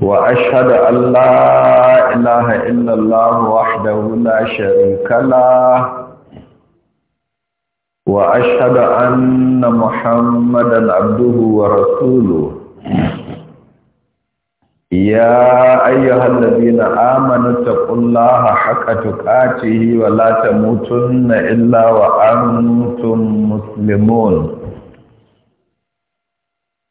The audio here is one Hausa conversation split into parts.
wa ashhadu an la ilaha illallahu wahdahu la sharika la wa ashhadu anna muhammadan abduhu wa rasuluhu ya ayyuhalladhina amanu taqullaha haqqa tuqatih wa la tamutunna illa wa antum muslimun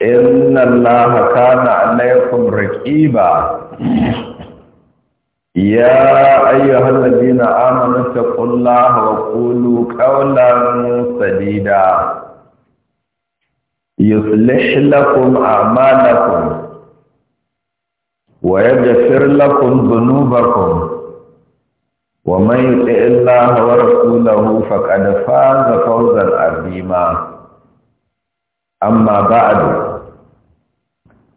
inna allaha kana alaykum raqiba ya ayyuhal ladina amanu taqullaha wa qulu qawlan sadida yuslih lakum a'malakum wa yaghfir lakum dhunubakum wa man yuti' allaha wa rasulahu faqad faza fawzan 'azima amma ba'du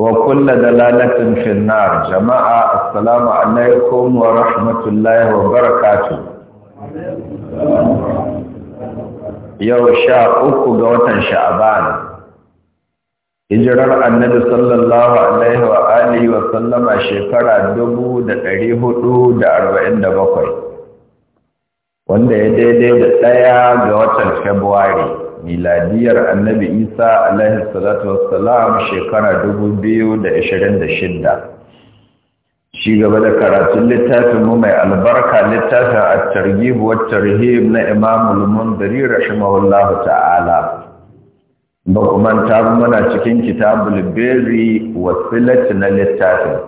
wa kulla dalalatin finnar jama'a assalamu alaikum wa rahmatullahi wa barakatu yau sha uku ga watan sha'aban hijirar annabi sallallahu alaihi wa alihi wa sallama shekara dubu da hudu da arba'in da bakwai wanda ya daidai da ɗaya ga watan februari miladiyar annabi isa alaihi salatu wassalam shekara 2026 shi gaba da karatun littafin mu mai albarka littafin at-targhib wa tarhib na imam al-mundiri rahimahullahu ta'ala ba kuma ta muna cikin kitabul bari wasilat na littafin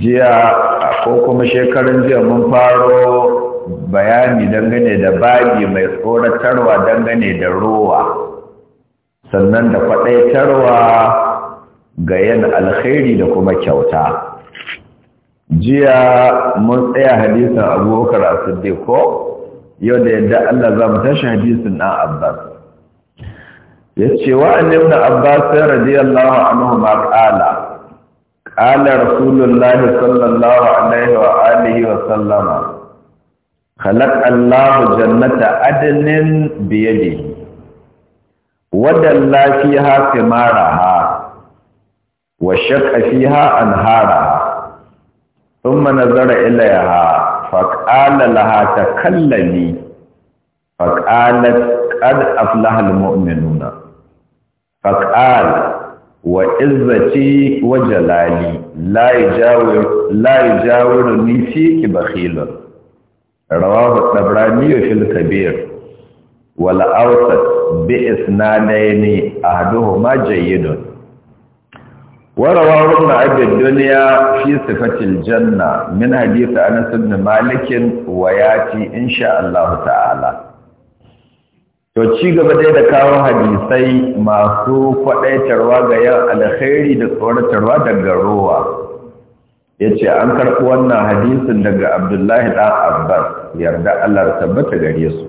jiya ko kuma shekarun jiya mun faro bayani dangane da babi mai tsoratarwa dangane da rowa sannan da faɗaitarwa ga yin alkhairi da kuma kyauta jiya mun tsaya hadisin abubakar a ko yau da yadda Allah za mu tashi hadisin ɗan abbas ya ce wa'an ibn abbas radiyallahu anhu ma ƙala قال رسول sallallahu alaihi wa alihi wa sallama. خلق الله جنة عدن بيده ودل فيها ثمارها وشق فيها أنهارها ثم نظر إليها فقال لها تكلمي فقالت قد أفلح المؤمنون فقال وعزتي وجلالي لا يجاور لا يجاورني فيك بخيل rawahu dabrani fil kabir wal awsat bi isnadaini ahaduhuma jayyidun wa rawahu ibn abi dunya fi sifatil janna min hadith anas ibn malik wa yati ta'ala to ci gaba dai da kawo hadisai masu kwadaitarwa ga yan alkhairi da tsoratarwa daga ruwa ya ce an karɓi wannan hadisin daga abdullahi ɗan abbas yarda allah tabbata gare su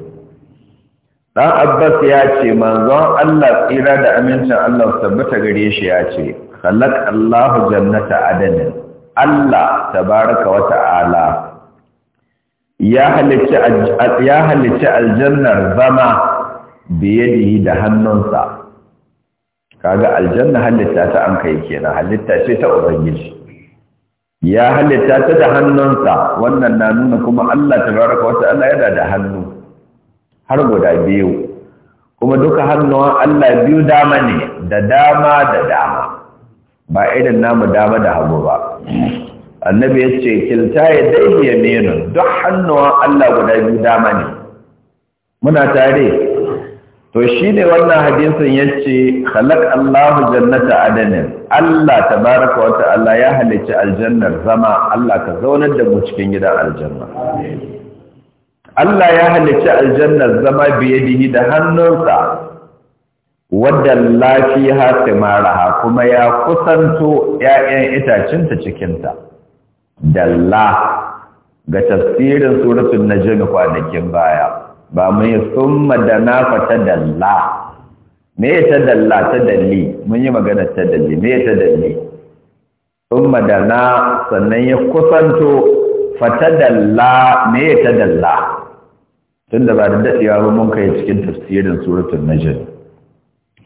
ɗan abbas ya ce manzon allah tsira da amincin allah tabbata gare shi ya ce khalaq allahu jannata adanin allah tabaraka wata ala. ya halicci aljannar zama biyadihi da hannunsa kaga aljanna halitta ta an kai kenan halitta ce ta ubangiji ya halitta ta da hannunsa wannan na nuna kuma Allah tabaraka wata ta'ala yana da hannu har guda biyu kuma duka hannuwan Allah biyu dama ne da dama da dama ba irin namu dama da hagu ba annabi ya ce kilta ya ya nenu duk hannuwan Allah guda biyu dama ne muna tare to shine wannan hadisin ce khalaq Allahu jannata adanin Allah baraka wata ta'ala ya halicci aljannar zama Allah ka zaunar da mu cikin gidan aljanna Allah ya halicci aljannar zama biyadihi da hannunsa wadda lafiya timaraha kuma ya kusanto 'ya'yan itacinta cikinta dalla ga tafsirin suratul najm kwanakin baya ba mun yi summa da na fata dalla me ya ta dalla ta dalli mun yi magana ta dalli me ya ta dalli summa da na sannan ya kusanto fata dalla me ya ta dalla tun da ba da daɗewa ba mun kai cikin tafsirin suratul najm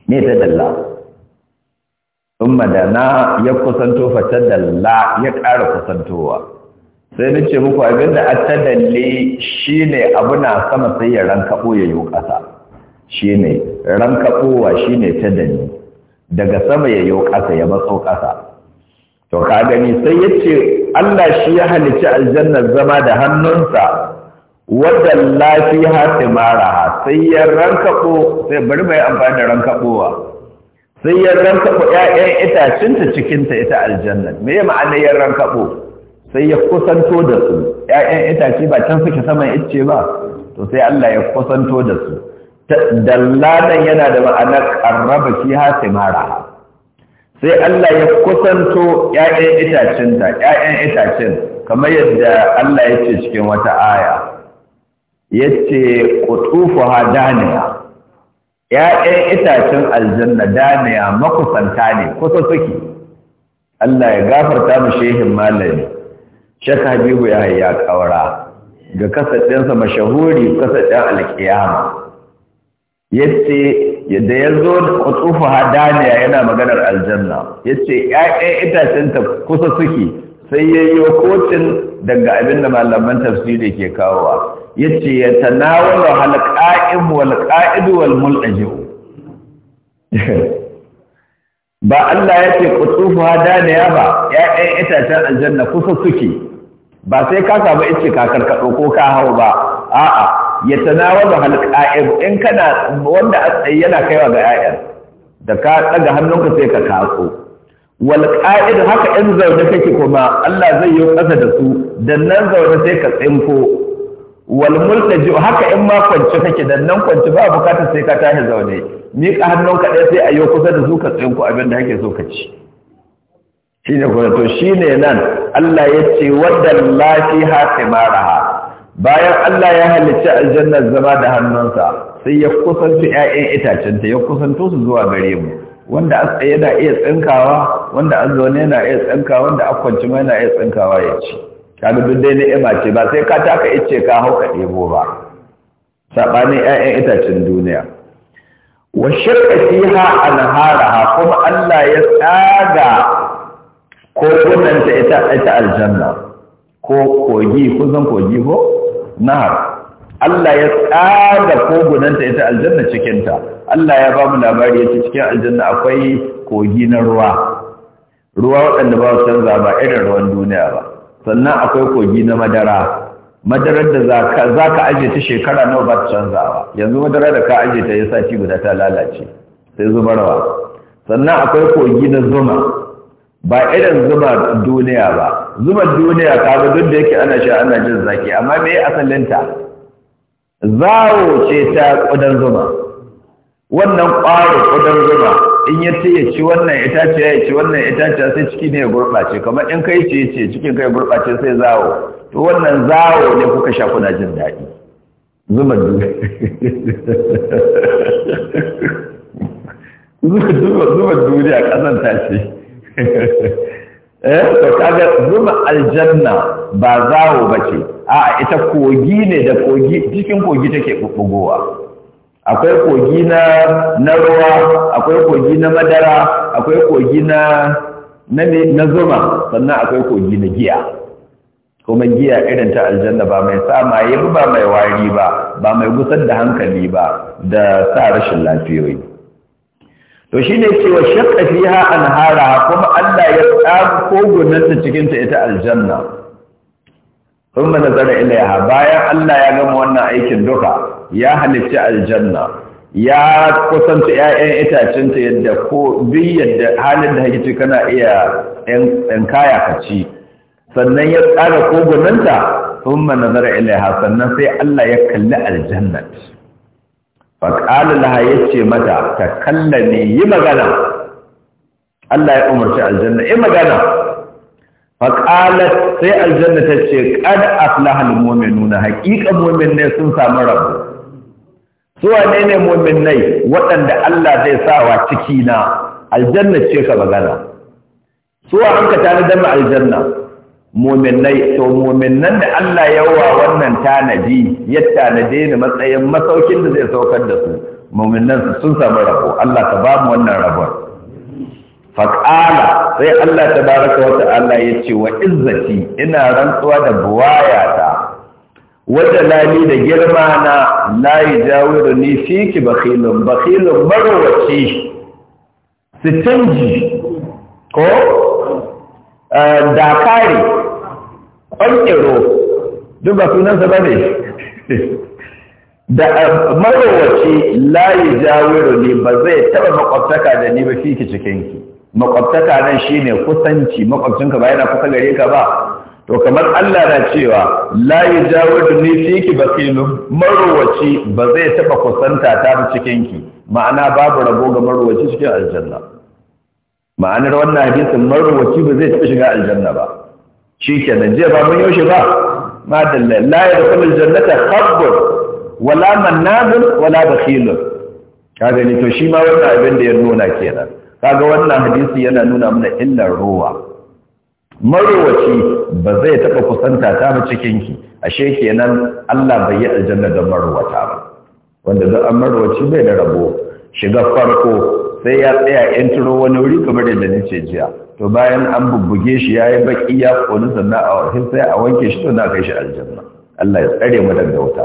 me ya ta dalla summa da na ya kusanto fata dalla ya ƙara kusantowa sai na ce muku abinda a shi shine abu na sama sai ya rankabo ya yi kasa shi rankabowa shine dalle daga sama ya yi ƙasa, ya matso ƙasa. to ka gani sai ya ce Allah shi ya halicci aljannar zama da hannunsa wadda lafiya timaraha sai ya rankabo sai bari mai amfani da rankabowa sai ya rankabo ƴaƴan itacinta cikinta ita aljannar me ma'ana ya rankabo sai ya kusanto da su ‘ya'yan itace ba can suke saman icce ba to sai Allah ya kusanto da su dalladan yana da ma'anar ƙarraba shi ha mara. sai Allah ya kusanto ‘ya'yan itacinta ‘ya'yan itacen kamar yadda Allah ya cikin wata aya ya ce ƙutufu ha daniya ‘ya'yan itacen aljanna daniya makusanta ne kusa suke Allah ya gafarta mu shehin malami shaka habibu ya ya kaura ga kasadinsa mashahuri kasadin alkiyama yace da ya zo da kutufu hadaniya yana maganar aljanna yace ƴaƴan itacen ta kusa suke sai ya yi kocin daga abin da malaman tafsiri ke kawowa yace ya tanawala halqa'im wal qa'id wal mul'aji'u ba Allah ya ce kutufu hada da ya ba ‘ya'yan itacen aljanna kusa suke ba sai ka samu ice kakar ka ko ka hau ba a'a ya da halqa'ib in kana wanda a yana kaiwa ga ‘ya'yan da ka ɗaga hannunka sai ka kaso wal haka in zaune kake kuma Allah zai yi ƙasa da su dan nan zaune sai ka tsinko wal multaji haka in ma kwance kake dan nan kwance ba bukatar sai ka tashi zaune miƙa ka kaɗai sai a kusa da zuka ka tsinku abin da kake so ka ci shine ne to shi nan Allah ya ce wadda lafi hafi maraha bayan Allah ya halicci aljanna zama da hannunsa sai ya kusanci itacen-ta, ya kusanto su zuwa gare mu wanda a yana iya tsinkawa wanda azzo zaune na iya tsinkawa wanda akwanci na iya tsinkawa ya ce kaga duk dai ni'ima ce ba sai ka taka ice ka hau ka ɗebo ba saɓanin ƴaƴan itacen duniya wa shirka fiha anharaha kuma Allah ya tsaga kogunan ta ita ita aljanna ko kogi kuzan kogi ko nahar Allah ya tsaga kogunanta ita aljanna cikinta. Allah ya ba mu labari yace cikin aljanna akwai kogi na ruwa. Ruwa waɗanda ba su canza ba irin ruwan duniya ba. sannan akwai kogi na madara madarar da za ka aje ta shekara nawa ba ta canzawa yanzu madara da ka ajiye ta ya sati guda ta lalace sai zubarwa sannan akwai kogi na zuma ba irin zuma duniya ba zuma duniya ka ga duk da yake ana sha ana jin zaki amma me asalinta zawo ce ta ƙudan zuma wannan ƙwaro ƙudan zuma in ya ce ya ci wannan itaciya ya ci wannan itaciya sai ciki ne ya gurɓace kamar in kai ce ce cikin kai gurɓace sai zawo to wannan zawo ne kuka sha kuna jin daɗi Zuma duba zuba duniya ƙasan ta ce eh to kaga zuma aljanna ba zawo bace a'a ita kogi ne da kogi cikin kogi take bubbugowa akwai kogi na na ruwa akwai kogi na madara akwai kogi na na zuma sannan akwai kogi na giya kuma giya irin ta aljanna ba mai sa maye, ba mai wari ba ba mai gusar da hankali ba da sa rashin lafiyoyi to shine cewa shaqqa fiha anhara kuma Allah ya tsago kogunan ta cikin ta ita aljanna kuma nazara ilaiha bayan Allah ya gama wannan aikin duka ya halicci aljanna ya kusanta ‘ya'yan itacinta yadda ko duk yadda halin da hakici kana iya ‘yan kaya ka ci sannan ya tsara kogunanta sun manazara ilaiha sannan sai Allah ya kalli aljannat faƙalu laha ya ce mata ta kalla ne, yi magana Allah ya umarci aljanna yi magana faƙalat sai aljanna ta ce ƙad aflahal mominu na haƙiƙan momin ne sun samu rabu su wane ne muminai waɗanda Allah zai sawa ciki na aljanna ce ka magana su an ka tare dama aljanna muminai to muminan da Allah yawa wannan tanadi ya tanade ni matsayin masaukin da zai saukar da su muminan sun samu rabo Allah ka ba mu wannan rabon faƙala sai Allah ta baraka wata Allah ya ce wa izzati ina rantsuwa da buwayata wata lali da girma na layi jawiru ni fiki bakilun bakilun marowaci sitinji ko eh, dakari ƙwanƙero duk ba sunansa ba ne da eh, marowaci layi jawiru ne ba zai taɓa makwabtaka da ni ba fiki cikinki makwabtaka nan shine kusanci makwabcinka ba yana kusa gare ka ba to kamar Allah na cewa la yajawidu ni fiki bakilu marwaci ba zai taba kusanta ta ba cikin ki ma'ana babu rabo ga marwaci cikin aljanna ma'anar wannan hadisin marwaci ba zai taba shiga aljanna ba shikenan je ba mun yaushe ba ma dalla da yadkhulu aljannata khabbun wala mannabun wala bakhilun kaga ni to shi ma wannan abin da ya nuna kenan kaga wannan hadisi yana nuna mana illar ruwa marowaci ba zai taɓa kusanta ta ba cikinki ashe kenan Allah bai yi aljanna da marowata ba wanda za a marowaci bai da rabo shiga farko sai ya tsaya yan turo wani wuri kamar da ce jiya to bayan an bubbuge shi yayi baƙi ya koni sannan a sai a wanke shi to na kai shi aljanna Allah ya tsare mu daga wuta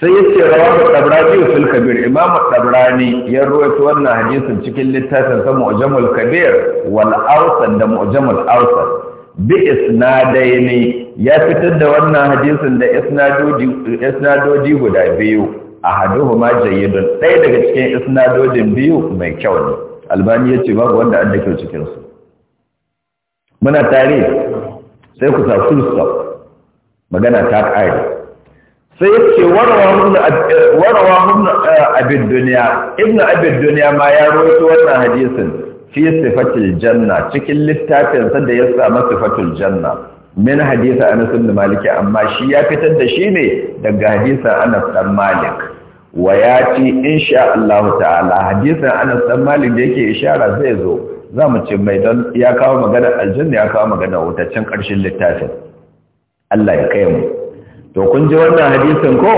sai yace rawahu tabrani fil kabir imam tabrani ya rawaito wannan hadisin cikin littafin sa mu'jamul kabir wal awsat da mu'jamul awsat bi isnadaini ya fitar da wannan hadisin da isnadoji isnadoji guda biyu A ahaduhuma jayyidun ɗaya daga cikin isnadodin biyu mai kyau ne albani yace babu wanda an da kyau cikin su muna tare sai ku sa full magana ta ƙare sai ya ce warawa hun abin duniya ibn abin eh, duniya ma ya roto wannan hadisin fi sifatul janna cikin littafinsa da ya samu sifatul janna min hadisa anas ibn malik amma shi ya fitar da shi ne daga hadisa anas dan malik wa ya ci insha Allah ta'ala hadisin anas dan malik da yake ishara zai zo za mu ci mai don ya kawo magana aljanna ya kawo magana wutacin ƙarshen littafin Allah ya kai mu to kun ji wannan hadisin ko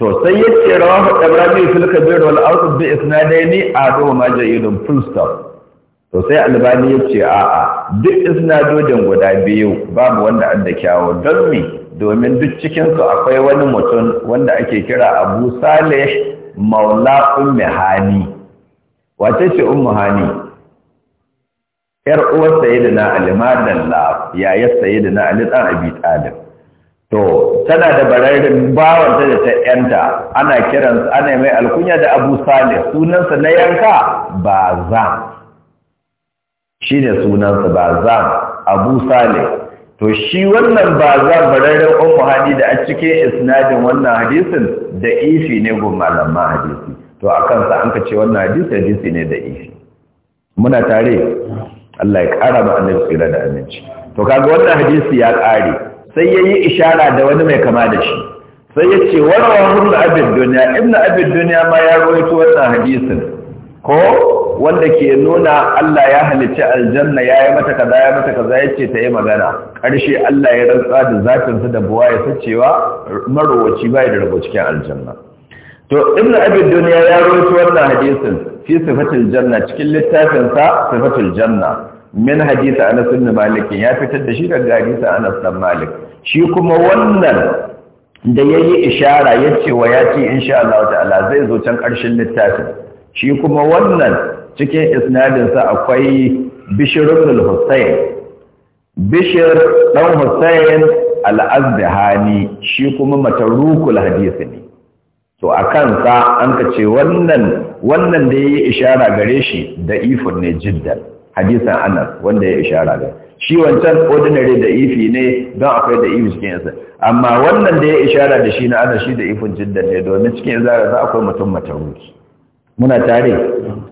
to sai ya ce rawa rawahu tabrani fil kabir wal awsat bi isnadaini adu ma jayyidun full stop to sai albani ya ce a'a duk isnadodin guda biyu babu wanda an da kyawo don me domin duk cikinsu akwai wani mutum wanda ake kira abu saleh maula ummi hani wace ce ummi hani yar uwar sayyidina ali madalla yayar sayyidina ali dan abi talib to tana da bararin bawanta da ta yanta ana kiran ana mai alkunya da Abu Salih sunansa na yanka ba shi ne sunansa Zan Abu Salih to shi wannan Bazam bararin Ummu Hadi da a cikin isnadin wannan hadisin da ifi ne gun hadisi to akan sa an ka ce wannan hadisi hadisi ne da ifi muna tare Allah ya kara mu annabi tsira da aminci to kaga wannan hadisi ya kare sai ya yi ishara da wani mai kama da shi sai ya ce warawa ibn abid duniya ibn abid duniya ma ya rawaito wannan hadisin ko wanda ke nuna Allah ya halicci aljanna ya yi mata kaza ya mata kaza ya ce ta yi magana ƙarshe Allah ya rantsa da zafinsa da buwa ya sacewa marowaci bai da rabo cikin aljanna to ibn abid duniya ya rawaito wannan hadisin fi sifatul janna cikin littafinsa sifatul janna min hadisi Anas ibn Malik ya fitar da shi daga hadisi Anas ibn Malik shi kuma wannan da yayi ishara yace wa yace insha Allah ta'ala zai zo can ƙarshen littafin shi kuma wannan cikin isnadin sa akwai Bishr ibn Husayn Bishr dan Husayn al-Azdahani shi kuma matarukul hadisi ne to a kansa an ka ce wannan wannan da ya yi ishara gare shi da ifin ne jiddan hadisan anas wanda ya ishara da shi wancan ordinary da ifi ne don akwai da ifi cikin yasa amma wannan da ya ishara da shi na anas shi da ifin jidda ne domin cikin zara za akwai mutum mataruki muna tare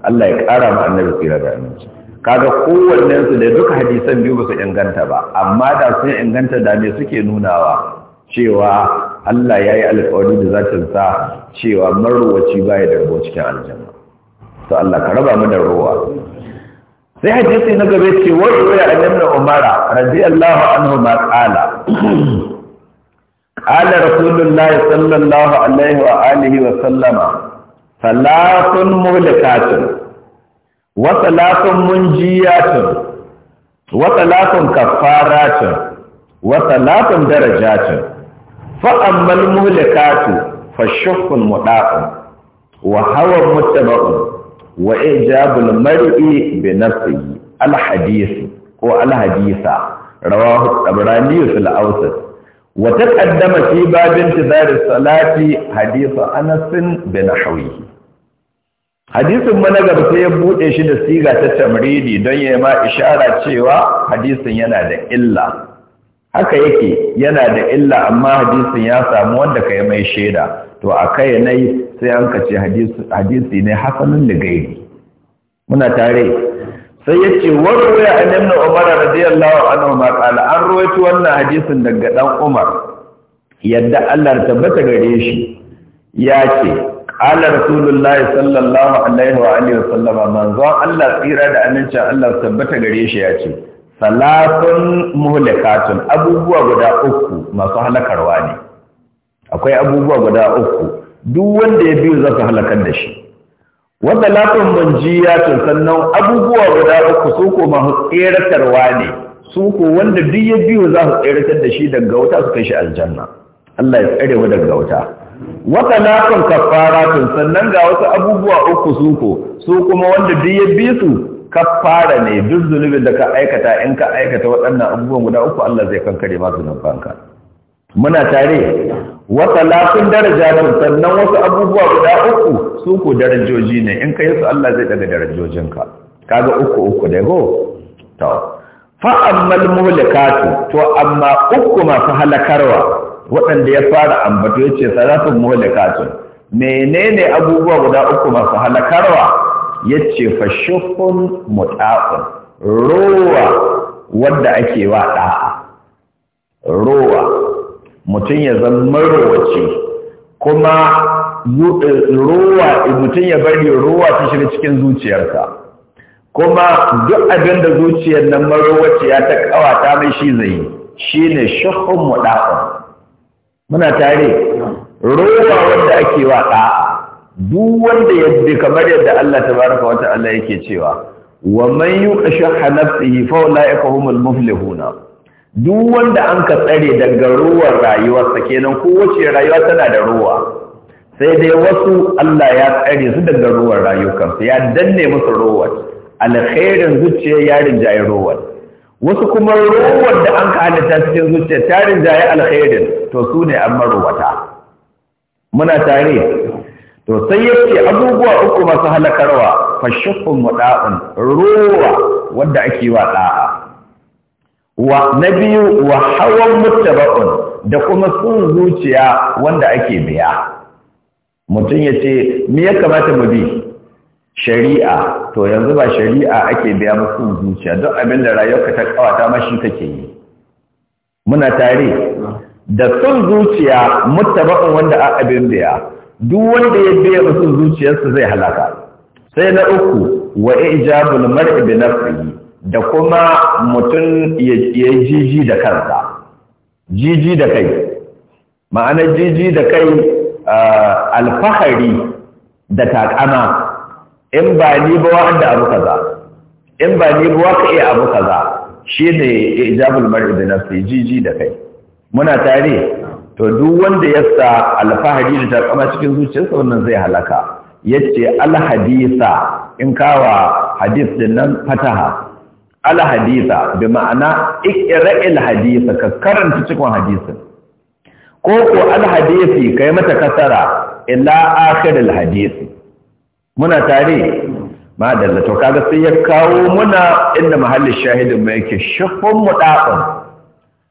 Allah ya kara mu annabi tsira da aminci kaga kowannen su da duka hadisan biyu ba su inganta ba amma da sun inganta da me suke nunawa cewa Allah ya yi alƙawari da zatin sa cewa marwaci baya da rabo cikin aljanna to Allah ka raba mu da ruwa. sai hadisi na gaba ce wani ya annabi umara radiyallahu anhu ma qala qala rasulullahi sallallahu alaihi wa alihi wa sallama salatun muhlikatun wa salatun munjiyatun wa salatun kaffaratun wa salatun darajatun fa ammal muhlikatu fa shuqqul mudaqu wa hawa muttaba'un wa ijabul mar'i bi nafsihi al hadith ko al haditha rawahu tabrani fil awsat wa taqaddama fi bab intizar salati hadith anas bin hawihi hadisin managar sai ya bude shi da siga ta tamridi don ya ma ishara cewa hadisin yana da illa haka yake yana da illa amma hadisin ya samu wanda kai mai sheda to a kai yi sai an kace hadisi ne hasanun da gairi muna tare sai ya ce warwaya an yamna umar radiyallahu anhu ma kala an ruwaito wannan hadisin daga dan umar yadda Allah tabbata gare shi ya ce qala rasulullahi sallallahu alaihi wa alihi wasallama manzo Allah tsira da amincin Allah tabbata gare shi ya ce salatun muhlikatun abubuwa guda uku masu halakarwa ne akwai abubuwa guda uku duk wanda ya biyu za su halakar da shi wanda lafin manjiyatun sannan abubuwa guda uku su ko masu tseratarwa ne su ko wanda duk ya biyu za su da shi daga wuta su kai shi aljanna Allah ya tsare wa daga wuta wata lafin kafaratun sannan ga wasu abubuwa uku su ko su kuma wanda duk ya biyu su kafara ne duk zunubin da ka aikata in ka aikata waɗannan abubuwan guda uku Allah zai kankare ma zunubanka muna tare wata lafin darajatun sannan wasu abubuwa guda uku su ku darajoji ne in ka yi su Allah zai daga darajojinka kaga uku uku da go to fa to amma uku masu halakarwa waɗanda ya fara ambato yace salafin mulikatun. menene abubuwa guda uku masu halakarwa yace fashuhun mutaqun rowa wanda ake wa ɗa'a, rowa mutum ya zama marowaci kuma eh, mutum ya bari ruwa ta shiga cikin zuciyarsa kuma duk abin da zuciyar nan marowaci ya ta kawata mai shi zai shi ne shahun muɗa'un muna tare ruwa wanda ake wa ɗa'a duk wanda yadda kamar yadda Allah tabaraka wa ta'ala yake cewa wa man yuqashha nafsihi fa ulaika humul muflihuna duk wanda an ka tsare daga ruwan rayuwarsa kenan kowace rayuwa tana da ruwa sai dai wasu Allah ya tsare su daga ruwan su ya danne musu ruwan alkhairin zuciya ya rinjaye ruwan wasu kuma ruwan da an ka halitta cikin zuciya ta rinjaye alkhairin to su ne an marubata. muna tare to sai yake abubuwa uku masu halakarwa fashikun muda'un ruwa wanda ake wa da'a wa na biyu wa hawan muttaba'un da kuma sun zuciya wanda ake biya mutum ya ce me ya kamata mu bi shari'a to yanzu ba shari'a ake biya masu sun zuciya don abin da rayuwarka ta kawata mashi kake yi muna tare da sun zuciya muttaba'un wanda a abin biya duk wanda ya biya sun zuciyarsa zai halaka sai na uku wa ijabul mar'i bi nafsihi da kuma mutum ya jiji da kansa jiji da kai ma'anar jiji da kai alfahari da takama in ba ni ba wa'anda abu kaza in ba ni ba waka iya abu kaza shi ne ijabul mar'i da nafsi jiji da kai muna tare to duk wanda ya sa alfahari da takama cikin zuciyarsa wannan zai halaka yace alhadisa in kawa hadis din nan fataha Al'hadisa bai bi ma'ana iqra'il haditha ka karanta cikin hadisin ko ko alhadisi kai mata kasara ila akhiril hadisi muna tare madalla to kaga sai ya kawo muna inda mahallin shahidin mai yake shafin mudafin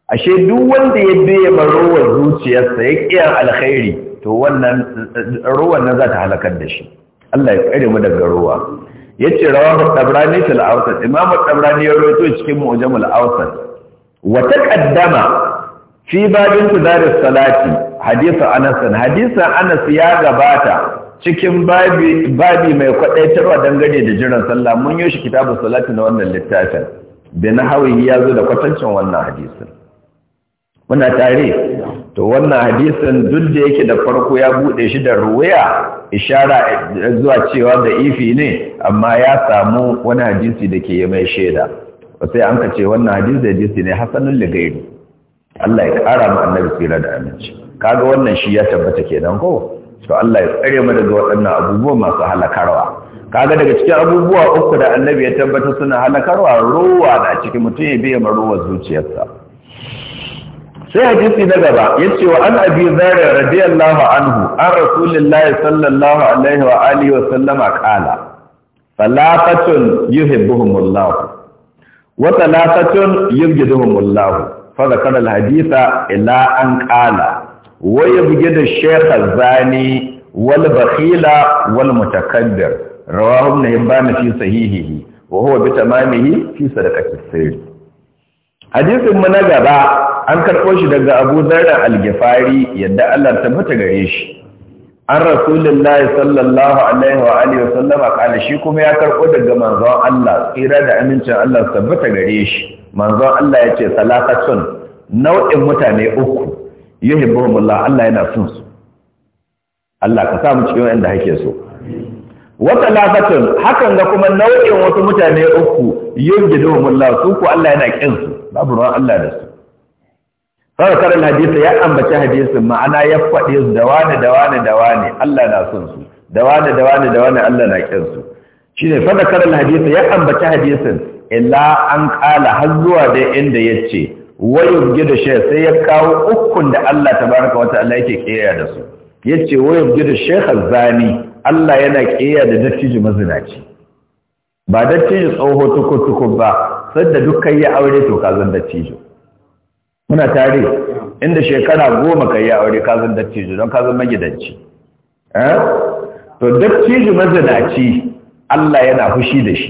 ashe duk wanda ya biye marowar zuciyarsa ya kiyan alkhairi to wannan ruwan nan za ta halakar da shi Allah ya kare mu daga ruwa Ya yace rawahu Ɗabrani ta awsat imam Ɗabrani ya rawaito cikin mu'jam al Wata wa fi babin tudar salati hadisa anasin hadisa anas ya gabata cikin babi mai mai don dangane da jiran sallah mun yi shi kitabu salati na wannan littafin bin hawi ya zo da kwatancin wannan hadisin muna tare to wannan hadisin duk da yake da farko ya bude shi da ruwaya ishara zuwa cewa da ifi ne amma ya samu wani hadisi da ke mai shaida sai an ka ce wannan hadisi hadisi ne hasanul ligairu Allah ya kara mu annabi tsira da aminci kaga wannan shi ya tabbata kenan ko to Allah ya tsare mu daga waɗannan abubuwa masu halakarwa kaga daga cikin abubuwa uku da annabi ya tabbata suna halakarwa ruwa da cikin mutum ya biya ma ruwa zuciyarsa sai hadisi na gaba yace wa an abi zara radiyallahu anhu an rasulillahi sallallahu alaihi wa alihi wa sallama qala salafatun yuhibbuhumullah wa salafatun yubghiduhumullah fa zakara alhaditha ila an qala wa yubghidu ash-shaykh az-zani wal bakhila wal mutakabbir rawahu ibn hibban fi sahihihi wa huwa bi tamamihi fi sadaqati sirr hadisin mu na gaba an karɓo shi daga abu zarar algifari yadda Allah tabbata gare shi an rasulullahi sallallahu alaihi wa alihi wa sallama kala shi kuma ya karɓo daga manzon Allah tsira da amincin Allah tabbata gare shi manzon Allah ya ce salatatun nau'in mutane uku yuhibbuhumullah Allah yana son su Allah ka sa mu cikin wanda hake so wata lafatun hakan ga kuma nau'in wasu mutane uku yin gidomin lasu ku Allah yana su babu ruwan Allah da su karin hadisi ya ambaci hadisin ma'ana ya faɗi da wane da wane da wane Allah na son su, da wane da wane da wane Allah na ƙin su. Shi ne karin hadisi ya ambaci hadisin illa an ƙala har zuwa da inda ya ce, wayo gida shi sai ya kawo ukun da Allah ta baraka wata Allah yake ƙeya da su. Ya ce wayo gida shi zani Allah yana ƙeya da dattijin mazinaci. Ba dattijin tsoho tukutuku ba, sadda dukkan ya aure to ka zan dattijo. muna tare inda shekara goma ka yi aure ka dattijo don kazan magidanci eh? to dattijo mazinaci Allah yana fushi da shi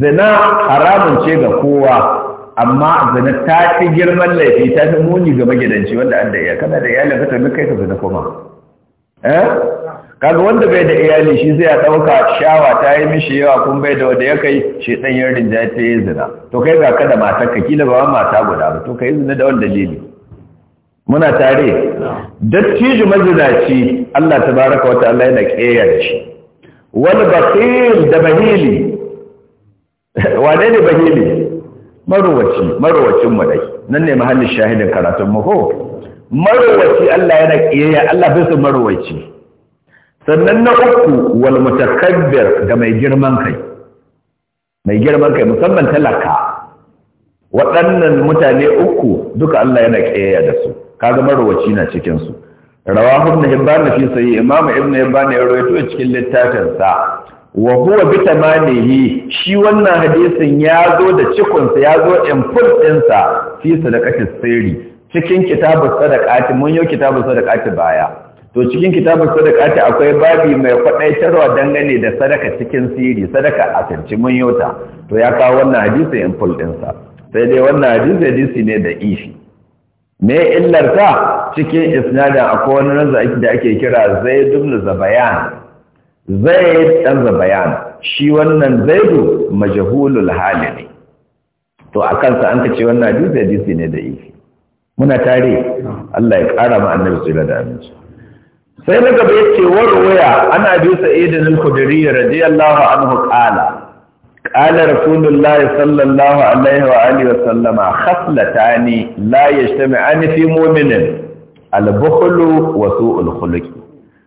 zina haramun ce ga kowa amma zina ta fi girman laifi ta fi muni ga magidanci wanda an da iya kana da iyalin ka tafi kai ka zina kuma eh kaga wanda bai da iyali shi zai dauka shawa ta yi mishi yawa kun bai da wanda ya kai shi dan yarin da ta yi zina to kai ga kada mata ka kila ba mata guda ba to kai zina da wanda dalili muna tare dattijo mazinaci Allah tabaraka wa ta'ala yana kiyar shi wal baqil da bahili wane ne bahili Marwaci, marwacin mu dai nan ne mahallin shahidin karatun mu ko marowaci Allah yana kiyayya Allah bai san marowaci sannan na uku wal mutakabbir ga mai girman kai mai girman kai musamman talaka waɗannan mutane uku duka Allah yana kiyayya da su kaga marowaci na cikin su rawahu ibn hibban fi sahih imam ibn hibban ya rawaito cikin littafin sa wa huwa bi tamanihi shi wannan hadisin ya zo da cikonsa ya zo in full ɗinsa fi sadaqati sirri cikin kitabun sadakati mun yau kitabun sadakati baya to cikin kitabun sadakati akwai babi mai kwadaitarwa dangane da sadaka cikin sirri sadaka a cancin mun ta to ya kawo wannan hadisi in full din sa sai dai wannan hadisi hadisi ne da ishi me illar ta cikin isnadin akwai wani zaki da ake kira Zaid ibn Zabayan Zaid dan Zabayan shi wannan Zaidu majhulul hali ne to akan sa an kace wannan hadisi hadisi ne da ishi muna tare Allah ya kara ma annabi sallallahu alaihi wasallam sai na gaba ya ce warwaya ana bi sa'idin al-khudri radiyallahu anhu qala qala rasulullahi sallallahu alaihi wa alihi wa sallama khaslatani la yajtami'ani fi mu'minin al-bukhlu wa su'ul khuluq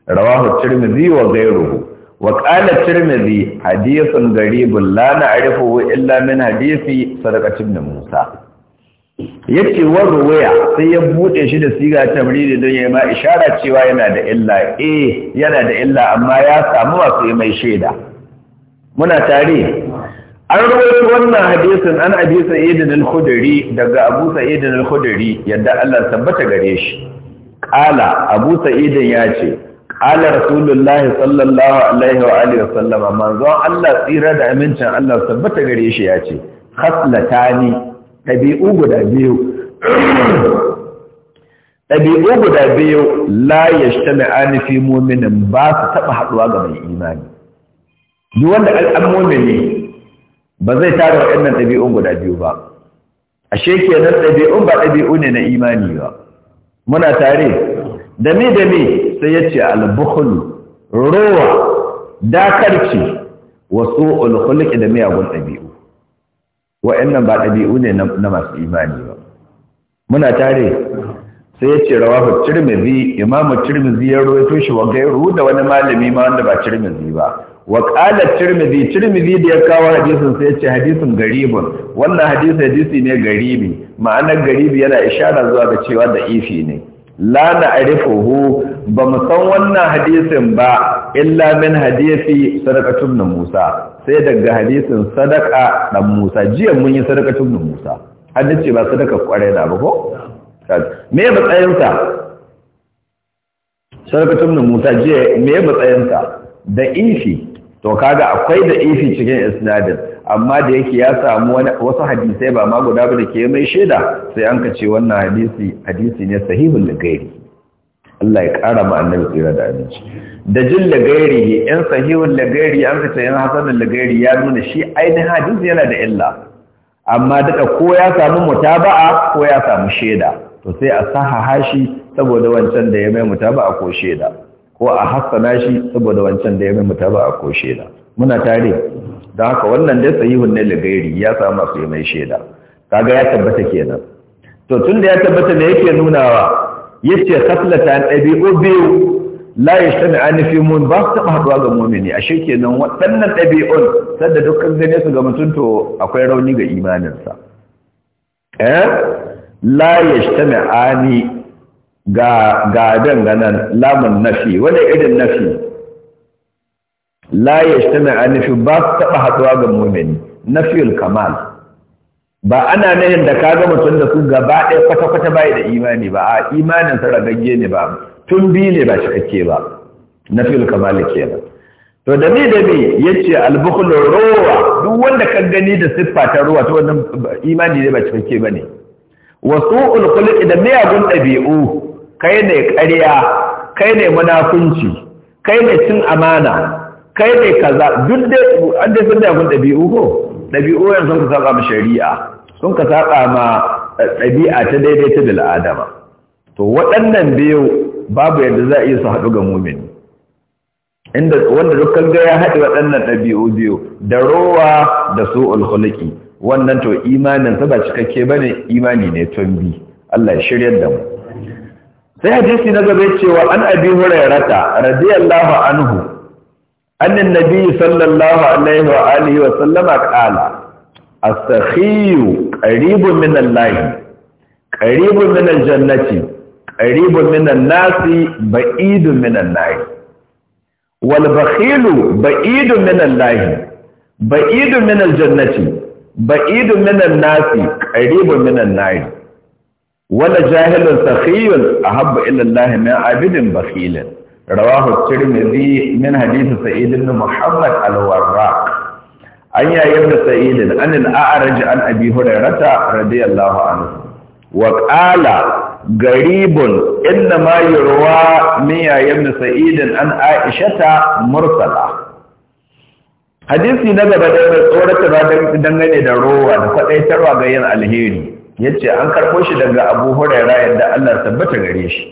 rawahu tirmidhi wa ghayruhu wa qala tirmidhi hadithun غريب la نعرفه illa min hadithi صدقة ibn musa yace wani waya sai ya buɗe shi da siga tamridi don yayi ma ishara cewa yana da illa eh yana da illa amma ya samu wasu mai shaida muna tare an rawaito wannan hadisin an abi sa'id al-khudri daga abu sa'id al-khudri yadda Allah tabbata gare shi qala abu sa'id ya ce qala rasulullahi sallallahu alaihi wa alihi wasallama manzo Allah tsira da amincin Allah tabbata gare shi ya ce khaslatani ɗabi'u guda biyu ɗabi'u guda biyu la ya shtami anifi mominin ba su taɓa haɗuwa ga mai imani duk wanda al'an momini ba zai tara waɗannan ɗabi'un guda biyu ba ashe kenan ɗabi'un ba ɗabi'u ne na imani ba muna tare da me da me sai ya ce albukhul rowa dakarci wasu ulkhulki da miyagun ɗabi'u wa'annan ba ɗabi'u ne na masu imani ba muna tare sai ya ce rawa cirmizi, imamu cirmizi ya rawaito shi wa gairu da wani malami ma wanda ba cirmizi ba wa ƙalar cirmizi, cirmizi da ya kawo hadisin sai ya ce hadisin garibin wannan hadisi hadisi ne garibi ma'anar garibi yana ishara zuwa ga cewa da ifi ne la na arifuhu ba mu san wannan hadisin ba illa min hadisi na musa sai daga hadisin sadaka dan Musa jiya mun yi sadaka tun Musa har ba sadaka kware da ba ko me matsayinsa sadaka tun Musa jiya me matsayinsa da ifi to kaga akwai da ifi cikin isnadin amma da yake ya samu wasu hadisai ba ma guda ba da ke mai shaida sai an kace wannan hadisi hadisi ne sahihul ghairi Allah ya ƙara ma annabi tsira da aminci da jin lagairi yan sahihun lagairi an fita yan hasanun lagairi ya nuna shi ainihin hadisi yana da illa amma duka ko ya samu mutaba'a ko ya samu shaida to sai a saha shi saboda wancan da ya mai mutaba'a ko shaida ko a hassana shi saboda wancan da ya mai mutaba'a ko shaida muna tare don haka wannan dai sahihun ne lagairi ya samu masu yi mai shaida kaga ya tabbata kenan to tun da ya tabbata me yake nunawa yace khaslatan dabi'u biyu la yashtami'ani fi mun ba su haduwa ga mu'mini ashe kenan waɗannan dabi'un sanda dukkan gane su ga mutun to akwai rauni ga imaninsa eh la yashtami'ani ga ga danganan lamun nafi wanda irin nafi la yashtami'ani fi ba su haduwa ga mu'mini al kamal ba ana nayin da ka ga mutum da su gaba ɗaya kwata-kwata bai da imani ba a imanin sa ne ba tun bi ne ba cikakke ba na fil kamali ba to da me da me yace al-bukhl ruwa duk wanda ka gani da siffa ta ruwa to wannan imani ne ba cikakke bane wa su'ul khuluq da miyagun dabi'u kai ne ƙarya kai ne munafunci kai ne cin amana kai ne kaza duk da an da sun miyagun dabi'u ko ɗabi'o'in sun ka saƙa ma shari'a sun ka saƙa ma ɗabi'a ta daidai ta bil'adama to waɗannan biyu babu yadda za a iya su haɗu ga mumini inda wanda dukkan ga ya haɗe waɗannan ɗabi'u biyu da rowa da su ulkhuliki wannan to imanin ta ba cikakke ba ne imani ne tun bi. Allah ya shiryar da mu sai hadisi na gaba cewa an abi hurairata radiyallahu anhu أن النبي صلى الله عليه وآله وسلم قال السخي قريب من الله قريب من الجنة قريب من الناس بعيد من الله والبخيل بعيد من الله بعيد من الجنة بعيد من الناس قريب من الله ولا جاهل سخي أحب إلى الله من عبد بخيل رواه الترمذي من حديث سعيد بن محمد الوراق أن يا ابن سعيد أن الأعرج عن أبي هريرة رضي الله عنه وقال غريب إنما يروى من يا ابن سعيد أن عائشة مرسلة حديثي نبدأ بدأ بصورة رادر دنجني دروا نفتح تروا غير الهيري يتشي أنكر فوش دنجا أبو هريرة يدى أن لا ثبت غريش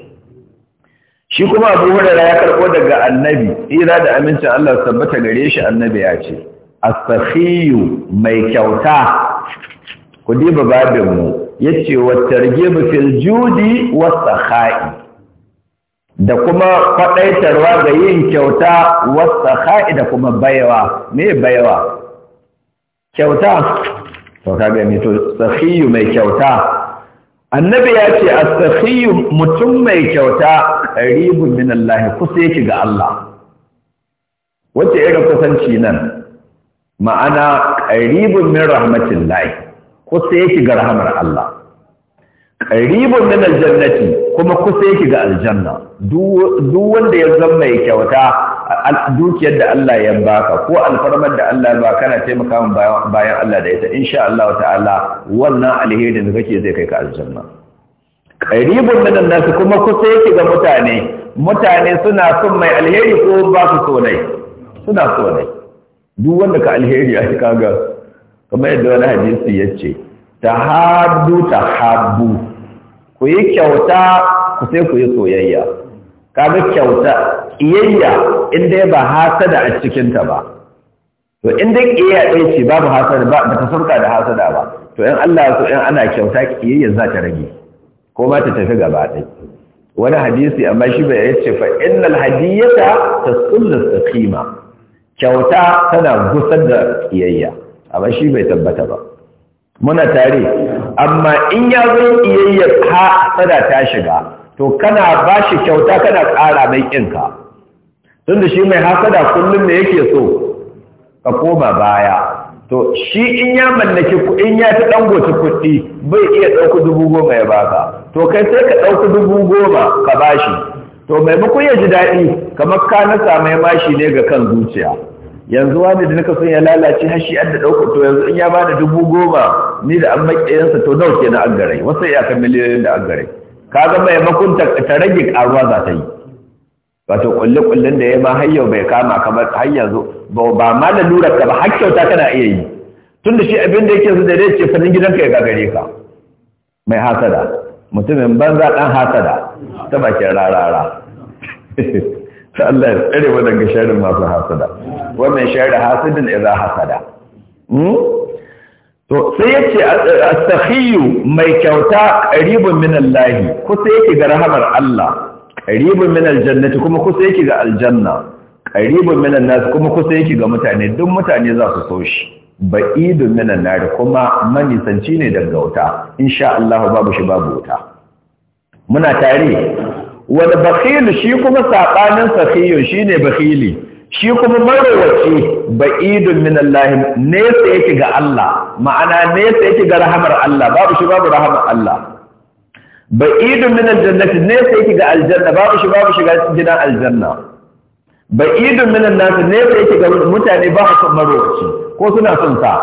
shi kuma abu hurara ya karɓo daga annabi tsira da amincin Allah tabbata gare shi annabi ya ce asafiyu mai kyauta ku diba babinmu ya ce wa rigibu fil judi wasa ha'i da kuma faɗaitarwa ga yin kyauta wasa ha'i da kuma baiwa me baiwa kyauta to kaga mito to safiyu mai kyauta annabi ya ce asafiyu mutum mai kyauta qaribun min kusa yake ga Allah wace irin kusanci nan ma'ana qaribun min rahmatillah kusa yake ga rahmar Allah qaribun min aljannati kuma kusa yake ga aljanna duk wanda ya zama ya kyauta dukiyar da Allah ya baka ko alfarmar da Allah ba kana taimaka bayan Allah da ita insha Allah ta'ala wannan alherin da kake zai kai ka aljanna ribun minan nasu kuma kusa yake ga mutane mutane suna son mai alheri ko ba su so ne suna so ne duk wanda ka alheri a ga kuma yadda wani hadisi ya ce ta habu ta habu ku yi kyauta ku sai ku yi soyayya kaga kyauta iyayya inda ba hasada a cikinta ba to inda iyayya ɗaya ce babu hasada ba ta sarka da hasada ba to in Allah so in ana kyauta kiyayya za ta rage ko ma ta tafi gaba ɗai wani hadisi amma shi bai yace ce innal hadiyata tasullu saqima kyauta tana gusar da iyayya. amma shi bai tabbata ba muna tare amma in ya zo kiyayya ha sada ta shiga to kana bashi kyauta kana ƙara mai Tun tunda shi mai hasada kullum ne yake so ka koma baya to shi in ya mallaki in ya ta dangoci kuɗi bai iya ɗauku dubu goma ya baka to kai sai ka ɗauki dubu goma ka bashi to maimakon ya ji daɗi kamar ka na nasa mai bashi ne ga kan zuciya yanzu wani da nika sun ya lalace hashi an da ɗauka to yanzu in ya ba da dubu goma ni da an maƙiyansa to nawa ke na agare wasu ya kan miliyoyin da agare ka ga maimakon ta rage ƙaruwa za ta yi wato ƙulle-ƙullen da ya ma hayyau bai kama kamar har yanzu ba ma da lura ka ba har kyauta kana iya yi tun da shi abin da yake su da dai ce fanin gidanka ya gagare ka mai hasada mutumin banza ɗan hasada ta bakin rarara ta Allah ya tsare wadanda sharin masu hasada wannan sharin hasidin iza hasada hmm? to sai yace as mai kyauta qaribun minan lahi, kusa yake ga rahamar Allah qaribun minan jannati kuma kusa yake ga aljanna qaribun minan nasu kuma kusa yake ga mutane duk mutane za su so shi ba'idun minan nari kuma manisanci ne daga wuta insha Allah babu shi babu wuta muna tare wani bakhilu shi kuma sabanin safiyo ne bakhili shi kuma marowaci ba'idun minan lahi nesa yake ga Allah ma'ana nesa yake ga rahamar Allah babu shi babu rahamar Allah ba'idun minan jannati nesa yake ga aljanna babu shi babu shiga gidan aljanna ba'idun minan nasi nesa yake ga mutane ba su marowaci ko suna son sa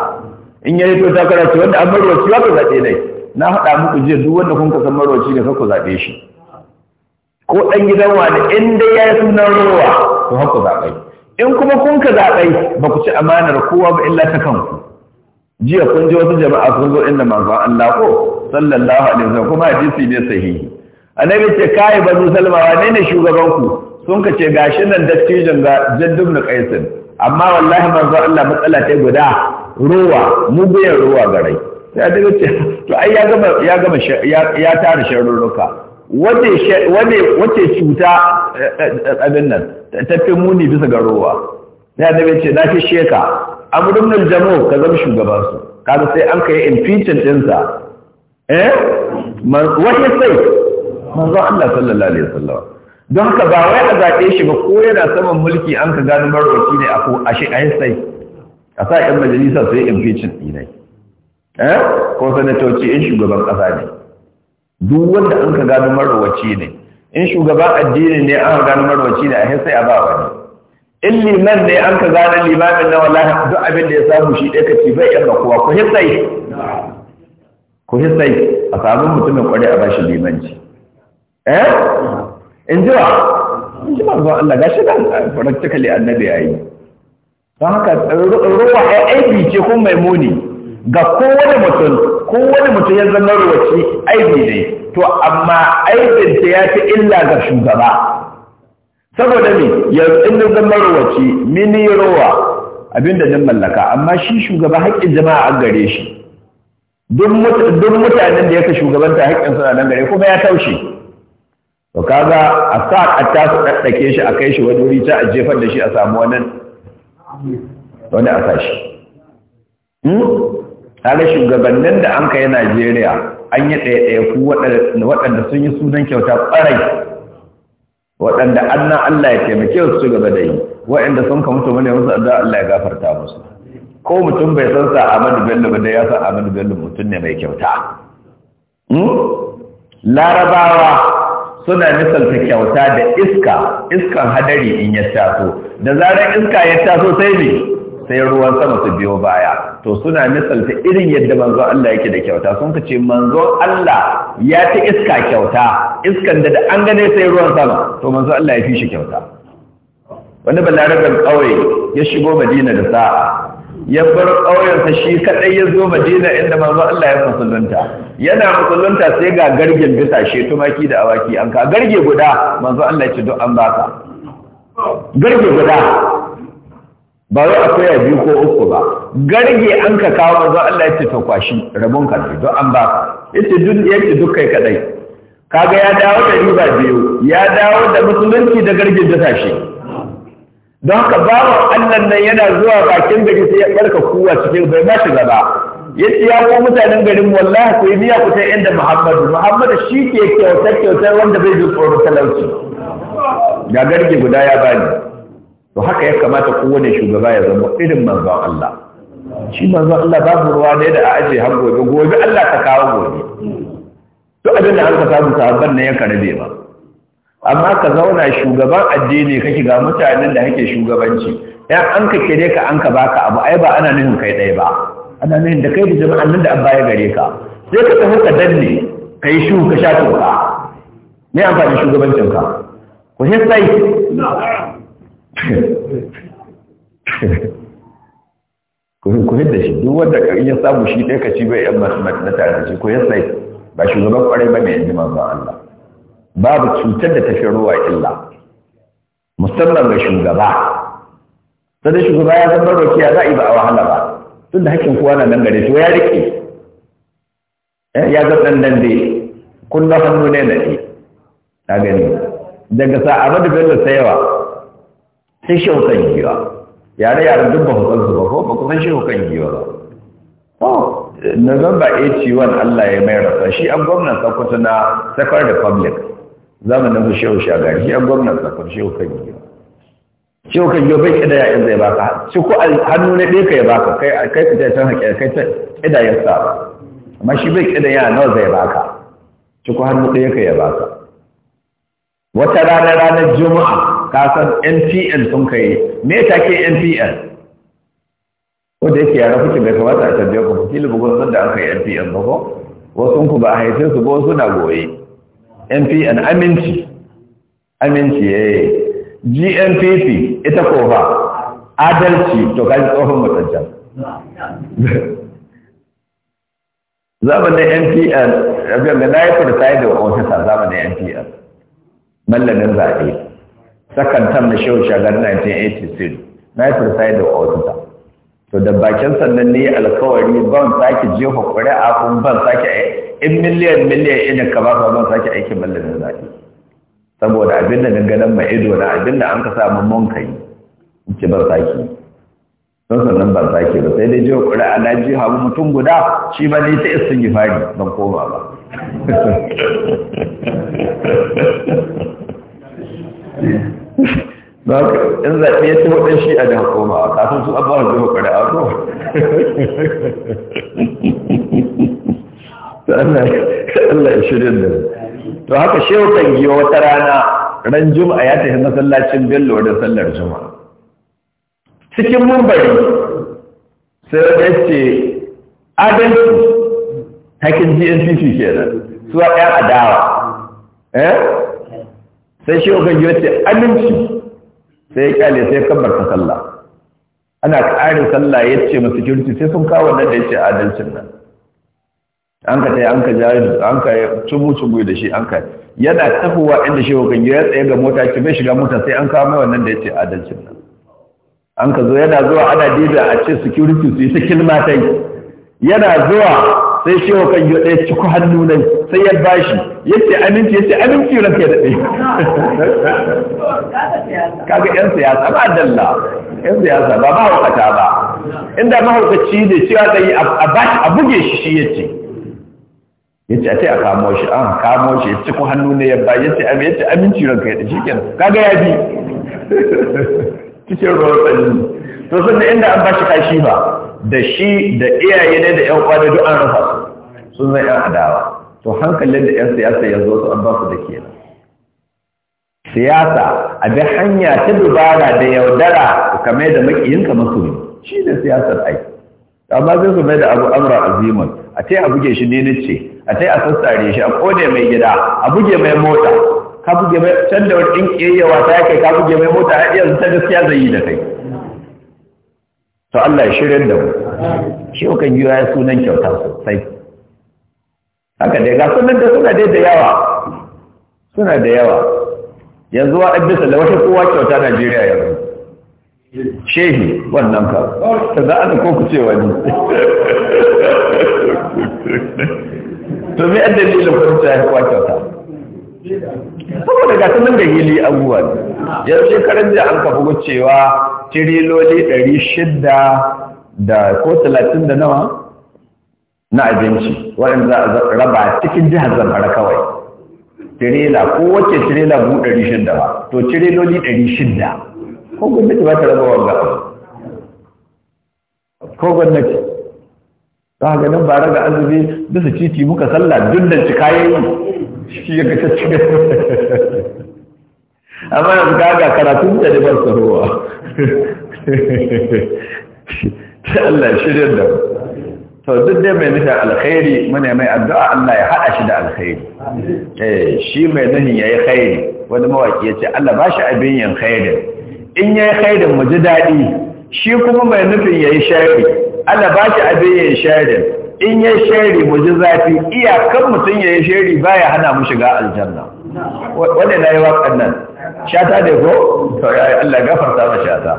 in yayi to takara ce wanda an marwaci ba ka zaɓe dai na hada muku jiya duk wanda kun ka san shi ne ku zaɓe shi ko ɗan gidan wani in dai ya yi sunan rowa to haku zaɓe in kuma kun ka zaɓe ba ku ci amanar kowa ba illa ta kanku jiya kun ji wasu jama'a sun zo inda masu Allah ko sallallahu alaihi wasallam kuma hadisi ne sahihi annabi ce kai zu salma wane ne shugaban ku sun kace ce gashi nan dattijan ga jaddubnu na qaisin amma wallahi manzo Allah matsala ta guda ruwa muguyan ruwa garai sai daga ce to ai ya gama ya gama ya tare sharurruka wace cuta eh, eh, eh, abin nan fi muni bisa ga ruwa sai da ce na fi sheka amurin nan jamo ka zama shugaban su kaga sai an kai yi impeachment ɗinsa eh wani sai manzo Allah sallallahu alaihi wasallam don haka ba wai a zaɓe shi ba ko yana saman mulki an ka gano marwaki ne a ko a shi a yi sai a sa ƴan majalisa su yi impeachment ɗinai eh ko sanatoci in shugaban ƙasa ne duk wanda an ka gano marwaci ne in shugaban addini ne an ka gano marwaci ne a yi sai a ba wani in liman ne an ka gano limamin na wallahi duk abin da ya samu shi ɗaya ka ci bai ƴan kowa ko hissai ko sai a samu mutumin kwarai a bashi limanci eh in ji wa in ji manzo Allah ga shi nan eh, practically annabi yi. don haka ruwa aibi ce ko mai muni ga kowane mutum kowane mutum ya zama ruwaci aibi ne to amma aibin ta ya fi illa ga shugaba saboda ne yanzu in zama ruwaci mini ruwa abinda jin mallaka amma shi shugaba haƙƙin jama'a an gare shi duk mutanen da yake shugabanta haƙƙin suna nan gare kuma ya taushe to kaga a sa ta su daddake shi a kai shi wani wuri ta a jefar da shi a samu wannan wani a sashi hmm? kaga shugabannin da an kai Najeriya an yi ɗaya-ɗaya ku waɗanda sun yi sunan kyauta ƙwarai waɗanda an Allah ya taimake su gaba da yi waɗanda sun ka mutu mana musu addu'a Allah ya gafarta musu ko mutum bai san sa Ahmadu Bello ba da ya san Ahmadu Bello mutum ne mai kyauta hmm? Larabawa suna misalta kyauta da iska iskan hadari in ya taso da zarar iska ya taso sai ne sai ruwan sama su biyo baya to suna misalta irin yadda manzo Allah yake da kyauta sun ka ce manzo Allah ya ta iska kyauta iskan da an gane sai ruwan sama to manzo Allah ya fi shi kyauta wani balarabin kauye ya shigo madina da sa'a ya bar ƙauyensa shi kaɗai ya zo madina inda manzo Allah ya musulunta yana musulunta sai ga gargin bisa shi tumaki da awaki an ka garge guda manzo Allah ya ce duk an baka garge guda ba wai akwai biyu ko uku ba garge an ka kawo manzo Allah ya ce ta kwashi rabon ka duk an baka yace duk yace duk kai kaɗai kaga ya dawo da riba biyu ya dawo da musulunci da gargin bisa shi don haka bawan Allah nan yana zuwa bakin gari sai ya barka kuwa cikin bai ma shiga ba yace ya ko mutanen garin wallahi ku biya ku ta inda Muhammadu Muhammadu shi ke kyautar kyautar wanda bai ji tsoron talauci ga garge guda ya bani to haka ya kamata kowane shugaba ya zama irin manzon Allah shi manzon Allah babu ruwa ne da a aje har gobe gobe Allah ta kawo gobe to abin da an ka samu sahabban ne ya karabe ba amma ka zauna shugaban addini kake ga mutanen da kake shugabanci ya an ka kire ka an ka baka abu ai ba ana nufin kai dai ba ana nufin da kai da jama'an nan da abba ya gare ka sai ka tafi ka danne kai shu ka sha toka me amfani shugabancin ka ko sai ko da shi duk wanda ka iya samu shi ɗaya ka ci bai yan masu na tare da shi koyar sai ba shugaban kwarai ba mai yanzu ba Allah babu cutar da tafi ruwa illa musamman ga shugaba sai da shugaba ya zama rokiya za a yi ba a wahala ba tun da hakkin kowa na nan gare shi ya rike eh, ya ga ɗan nan dai kunna hannu ne na ɗi ta gani daga sa abin da bello yawa sai shehu kan giwa yare yare duk ba hukun su ba ko ba kuma shi kan giwa ba to november 81 Allah ya mai rasa shi an gwamnan sakwata na second republic zamanin ku shehu shagari shi an gwamnan sakon shehu kan yi shehu kan yi bai ƙidaya in zai baka shi ko hannu na ɗaya kai baka kai kai fita can haƙƙi kai ta ƙidayar sa ba amma shi bai ƙidaya nawa zai baka shi ko hannu ɗaya kai ya baka wata rana ranar juma'a ka san npl sun kai me ke npl ko da yake yara kuke bai kamata a tambaye ku kila bugun sun da aka yi npl ba ko wasu ku ba a haife su ba suna goyi goye NPN aminci aminci eh GNPP ita ko ba adalci to ga tsohon mutuncan zamanin NPN rabin da na yi presiding officer zamanin NPN mallamin zaɓe sakan tam na shehu shagar 1986 na yi da officer to da bakin sannan ne alkawari ban sake jefa ƙuri'a kun ban sake in miliyan miliyan idan ka ba ka zan sake aikin mallamin zaɓe saboda abin da ganganan mai ido na abin da an ka samu mun kai ci ban sake don sannan ban sake ba sai dai jiwa ƙuri'a na ji hagu mutum guda shi ba ne ta isin yi fari ban koma ba in zaɓe ya ce waɗin shi a da koma kafin su abuwa jiwa ƙuri'a Allah ya shirin da to haka shehu kan giyo wata rana ran juma'a ya tafi masallacin bello da sallar juma'a cikin mumbari sai ya ce adalci hakin ke kenan su a ɗaya adawa eh sai shehu kan giyo ce aminci sai ya kyale sai ya ta sallah ana ƙarin sallah ya ce masu kirti sai sun kawo nan da ya ce adalcin nan an ka taya an ka jari an ka cubu cubu da shi an ka yana tafowa inda shi wakan ya tsaye ga mota ki bai shiga mota sai an kawo mai wannan da yace adalcin nan an ka zo yana zuwa ana diba a ce security su yi ta kilma ta yi yana zuwa sai shi wakan ya tsaye ciku hannu nan sai ya bashi yace aminci yace aminci ranka ya dade kaga yan siyasa ba dalla yan siyasa ba ba hukata ba inda mahaukaci ne cewa dai a bashi a buge shi shi yace yace a ce a kamo shi an kamo shi yace ko hannu ne ya ba yace a yace aminci kai da shi kenan kaga ya bi cikin ruwan sanyi to sun inda an bashi kashi ba da shi da iyaye ne da yan kwada duk an rufa su sun zai yan adawa to hankalin da yan siyasa yanzu su an ba su da kenan siyasa a bi hanya ta dubara da yaudara kamar da makiyinka ne shi da siyasar aiki amma zai su mai da abu amra azimun a ce a buge shi ne na ce a sai a sassare shi a kone mai gida a buge mai mota ka buge mai can da wani ƙiyayyawa ta yake ka buge mai mota har yanzu ta gaskiya zai yi da kai to Allah ya shirin da mu shi kan yiwa ya sunan kyauta sosai haka dai ga sunan da suna dai da yawa suna da yawa yanzu wa bisa da wata kowa kyauta Najeriya yanzu shehi wannan ka ta za a ko ku ce wani to me an dalilin fahimta ya kwa kyauta saboda ga nan da hili abubuwan yanzu shekaran da an kafa wucewa tiriloli dari shida da ko talatin da nawa na abinci waɗanda a raba cikin jihar zamfara kawai tirela ko wacce tirela bu dari shida ba to tiriloli dari shida ko gwamnati ba ta raba wanga ko gwamnati Ka ga nan da azumi bisa titi muka sallah dundan ci kayan yi shi ya gace ci amma yanzu ka ga karatun da ne sarowa ta Allah shirin da to duk dai mai nufin alkhairi muna mai addu'a Allah ya haɗa shi da alkhairi eh shi mai nufin ya yi khairi wani mawaki ya ce Allah ba shi abin yin khairin in ya yi khairin mu ji daɗi shi kuma mai nufin ya yi shafi. Allah ba shi abin yin share in ya share mu ji zafi iyakan mutum ya yi ba ya hana mu shiga aljanna wanda na yi waƙan nan shata da ko saurari Allah gafarta ma shata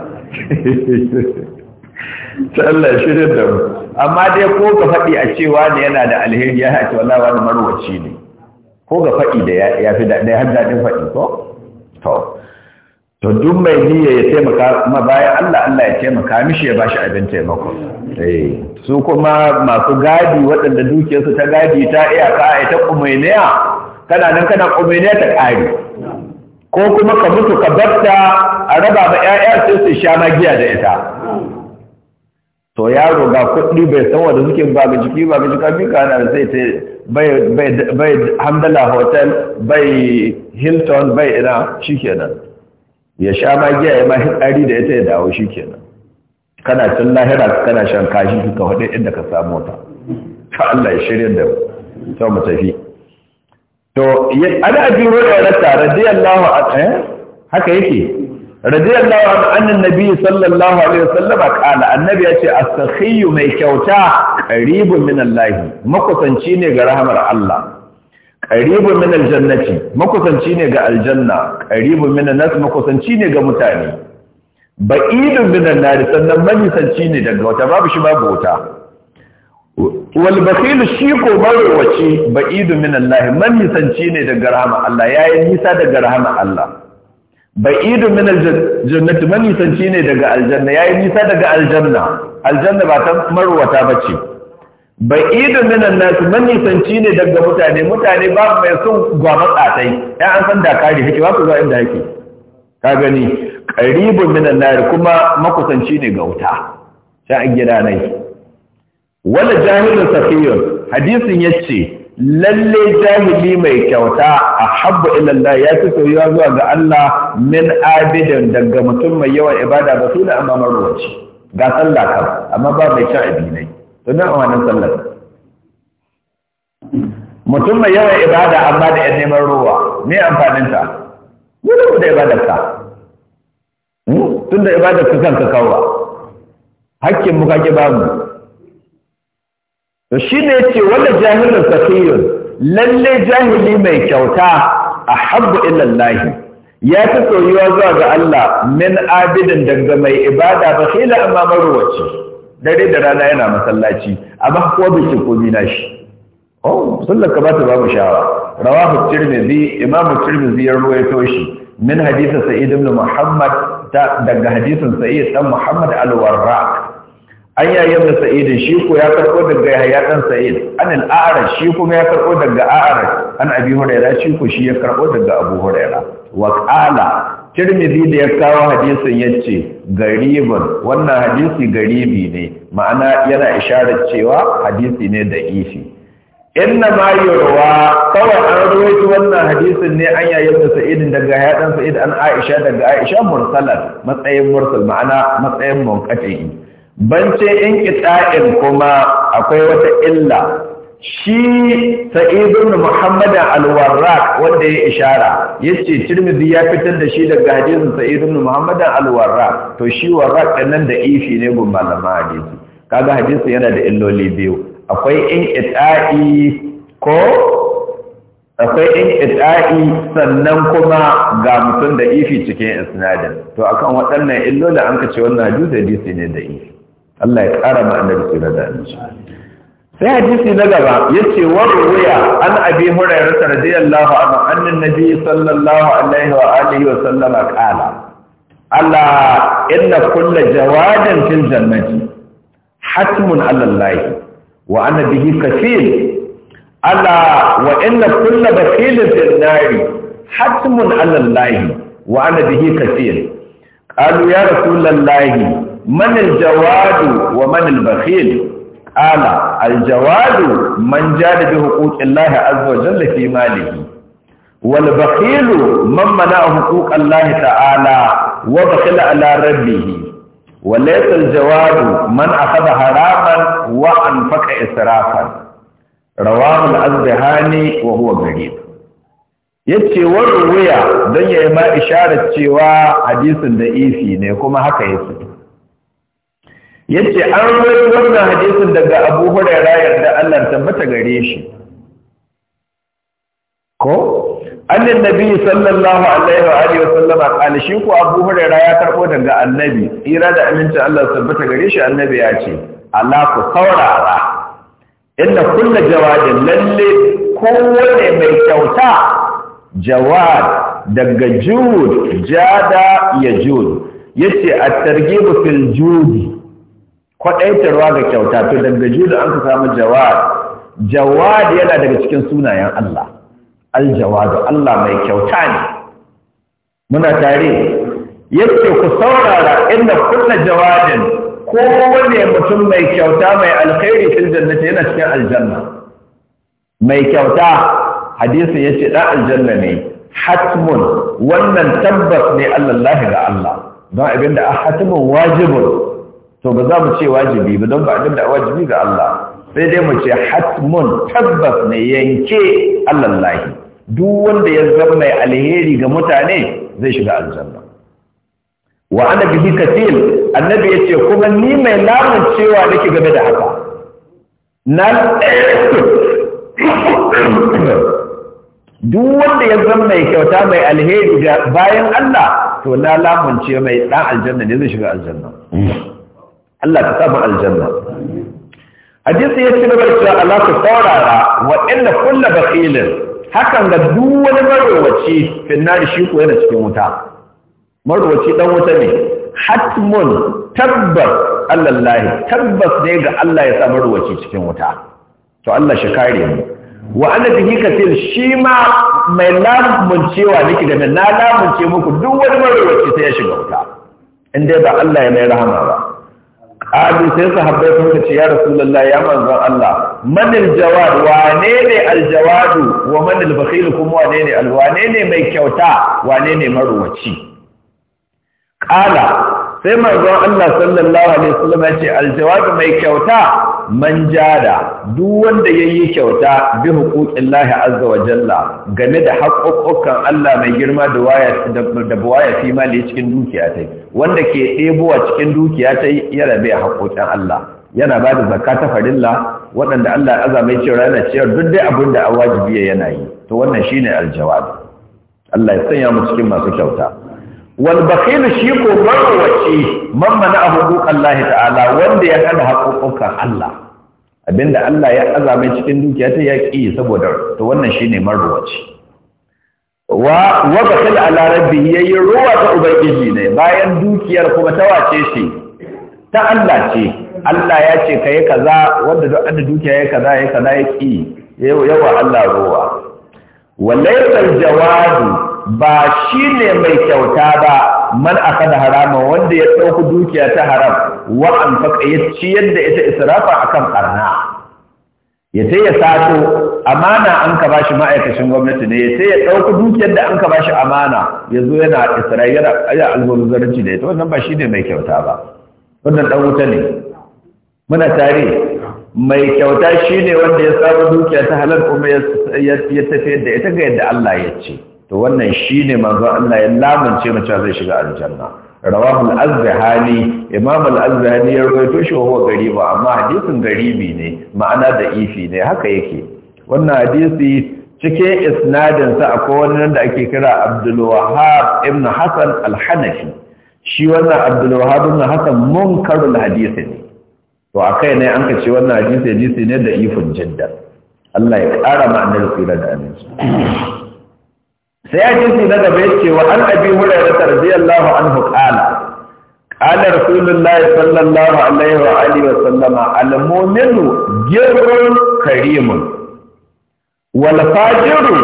ta Allah shirya da mu amma dai ko ga faɗi a cewa ne yana da alheri ya haƙi wala wani marwaci ne ko ga faɗi da ya fi daɗin har daɗin faɗi ko to to duk mai niyya ya taimaka kuma bayan Allah Allah ya taimaka mishi ya bashi abin taimako eh su kuma masu gadi waɗanda dukiyarsu ta gadi ta ka ai ta kumainiya kana nan kana kumainiya ta ƙari ko kuma ka mutu ka batta a raba ma 'ya'ya sai su sha magiya da ita to yaro ga kuɗi bai san wanda suke ba ga jiki ba ga jika bi kana sai ta bai bai hamdala hotel bai hilton bai ina shikenan ya sha magiya ya mashi tsari da ya ta yi dawo shi kenan kana can lahira kana shan kashi suka hudu inda ka samu ta ta Allah ya shirya da ta mu tafi to ana abi hurairah radiyallahu anhu eh? haka yake radiyallahu anhu annan nabi sallallahu alaihi wasallam qala annabi yace as-sakhiyyu mai kyauta qaribun min Allah makusanci ne ga rahmar Allah ƙaribu min aljannati makusanci ne ga aljanna ƙaribu min nas makusanci ne ga mutane ba'idun min annari sannan manisanci ne daga wata babu shi babu wuta wal bakhil shi ko barwaci ba'idun min allah manisanci ne daga rahama Allah yayin nisa daga rahama Allah ba'idun min aljannati manisanci ne daga aljanna yayin nisa daga aljanna aljanna ba ta marwata bace ba'idu minan nasu manisanci ne daga mutane mutane babu mai son gwamnan tsatai ɗan an san da kare hake ba ku zuwa inda hake ka gani qaribun minan nar kuma makusanci ne ga wuta sai an gida nai wala jahilun safiyun hadisin yace lalle jahili mai kyauta a habba ilallah ya fi soyuwa zuwa ga Allah min abidin daga mutum mai yawan ibada ba su da amma marwaci ga sallah amma ba mai cin abinai to dan wannan sallar mutum mai yawan ibada amma da yan neman ruwa me amfanin ta wani da ibadar ka tunda ibadar ka kanka kawa hakkin mu kake ba mu to shine yace wanda jahilun safiyun lalle jahili mai kyauta ahabbu ila Allah ya fi soyuwa zuwa ga Allah min abidin daga mai ibada ba sai la amma marwaci dare da rana yana masallaci amma ko bai ce komi na shi oh sallar ka ba ta babu shawa rawahu tirmidhi imamu tirmidhi ya rawaito shi min hadith sa'id ibn muhammad daga hadisin sa'id dan muhammad al-warraq an yayi ibn sa'id shi ko ya karbo daga yahya dan sa'id an al-a'raj shi kuma ya karbo daga a'raj an abi hurairah shi ko shi ya karbo daga abu hurairah wa qala Tirmidhi da ya kawo hadisin yace garibun wannan hadisi garibi ne ma'ana yana isharar cewa hadisi ne da ishi. inna ma yurwa kawai an rawaito wannan hadisin ne an yayin da sa'id daga hayatan sa'id an Aisha daga Aisha mursalan matsayin mursal ma'ana matsayin munqati bance in kita'in kuma akwai wata illa shi sa'id ibn muhammad al-warraq wanda ya ishara yace tirmidhi ya fitar da shi daga hadisin Saidun ibn muhammad al-warraq to shi warraq nan da ifi ne gun malama hadisi kaga hadisin yana da illoli biyu akwai in ita'i ko akwai in ita'i sannan kuma ga mutum da ifi cikin isnadin to akan waɗannan illoli an ka ce wannan hadisi ne da ifi Allah ya ƙara ma annabi sallallahu alaihi wasallam sai hadisi na gaba yace wa ruya an abi hurairah radiyallahu anhu annan nabi sallallahu alaihi wa alihi wa sallam qala alla inna kulla jawadin fil jannati hatmun ala allah wa ana bihi kafil alla wa inna kulla bakilin fil nari hatmun ala allah wa ana bihi kafil qalu ya rasul allah man al jawad wa man al bakhil ala aljawadu man jada bi huquqillahi azza wa jalla wal baqilu man mana a huquqillahi ta'ala wa baqila ala rabbih wa laysa aljawadu man akhadha haraman wa anfaqa israfan rawahu al-azbahani wa huwa gharib yace wa ruwaya dan yayi ma isharar cewa hadisin da isi ne kuma haka ya yake yace an rawaito wannan hadisin daga Abu Hurairah yadda Allah mata gare shi ko annan nabi sallallahu alaihi wa alihi wasallama shi ko Abu Hurairah ya karbo daga annabi ira da aminci Allah tabbata gare shi annabi ya ce Allah ku saurara inna kullu jawadin lalle kowane mai kyauta jawad daga jud jada ya jud yace at targhibu fil judi kwaɗaitarwa ga kyauta to daga da an ka samu jawad jawad yana daga cikin sunayen Allah aljawadu Allah mai kyauta ne muna tare yake ku saurara inda kunna jawadin ko wani mutum mai kyauta mai alkhairi fil jannati yana cikin aljanna mai kyauta hadisi yace da aljanna ne hatmun wannan tabbas ne Allah ga Allah don abinda a hatimin wajibin. to ba za mu ce wajibi ba don ba abin da wajibi ga Allah sai dai mu ce hatmun tabbas ne yanke Allah duk wanda ya zama mai alheri ga mutane zai shiga aljanna wa ana bihi katil annabi yace kuma ni mai lamun cewa nake game da haka nan duk wanda ya zama mai kyauta mai alheri bayan Allah to na lamunce mai dan aljanna ne zai shiga aljanna Allah ka samu aljanna hadisi ya ci gaba da cewa Allah ku saurara waɗanda kulla bakilin hakan ga duk wani marowaci finna shi ko yana cikin wuta marowaci dan wuta ne hatmun tabbas Allah lahi tabbas ne ga Allah ya sa marowaci cikin wuta to Allah shi kare mu wa annabi bihi katil shi ma mai lamun cewa niki da na lamun ce muku duk wani marowaci sai ya shiga wuta in dai ba Allah ya mai rahama ba qalu sai sahabbai sun ce ya rasulullah ya manzon Allah manil jawad wane ne aljawad wa manil bakhil kuma wane ne alwane ne mai kyauta wane ne maruwaci? qala sai manzon Allah sallallahu alaihi wasallam ya ce aljawabi mai kyauta man jada duk wanda yayi kyauta bi huquqillahi azza wa jalla game da haƙoƙokan Allah mai girma da waya da buwaya fi mali cikin dukiya ta wanda ke ɗebowa cikin dukiya ta ya rabe haƙoƙin Allah yana ba da zakka ta farilla waɗanda Allah ya azamai cewa yana ciyar duk dai abin da wajibi yana yi to wannan shine aljawabi Allah ya sanya mu cikin masu kyauta wal bakhil shi ko marwaci man mana'ahu duqallahi ta'ala wanda ya hana haƙoƙokan Allah abinda Allah ya azame cikin dukiya ta yaki saboda to wannan shine marwaci wa wa bakhil ala rabbih yayi ruwa ta ubangiji ne bayan dukiyar kuma ta wace shi ta Allah ce Allah ya ce kai kaza wanda duk an dukiya yayi kaza yayi kaza yaki yawa Allah ruwa walaisal jawabi ba shi ne mai kyauta ba man aka da harama wanda ya ɗauku dukiya ta haram wa an faka ya ciyar da ita israfa akan ɓarna ya ya sato amana an ka bashi ma'aikacin gwamnati ne ya ce ya ɗauku dukiyar da an ka bashi amana ya zo yana isra'i yana alwazarci da ita wannan ba shi ne mai kyauta ba wannan ɗan wuta ne muna tare mai kyauta shi ne wanda ya samu dukiya ta halar kuma ya tafiyar da ita ga yadda Allah ya ce to wannan shine manzo Allah ya lamunce mace zai shiga aljanna rawahu al-azbahani imam al azhani ya rawaito shi wa gariba amma hadisin garibi ne ma'ana da ifi ne haka yake wannan hadisi cike cikin isnadinsa akwai wani da ake kira Abdul Wahhab ibn Hasan al-Hanafi shi wannan Abdul Wahhab ibn Hasan munkarul hadisi ne to a kai ne an ka ce wannan hadisi hadisi ne da ifin jidda Allah ya ƙara ma'anar tsira da aminci sai hadisi na gaba yake wa an abi hurairah radiyallahu anhu qala qala rasulullahi sallallahu alaihi wa alihi wa sallama al mu'minu jirrun karimun wal fajiru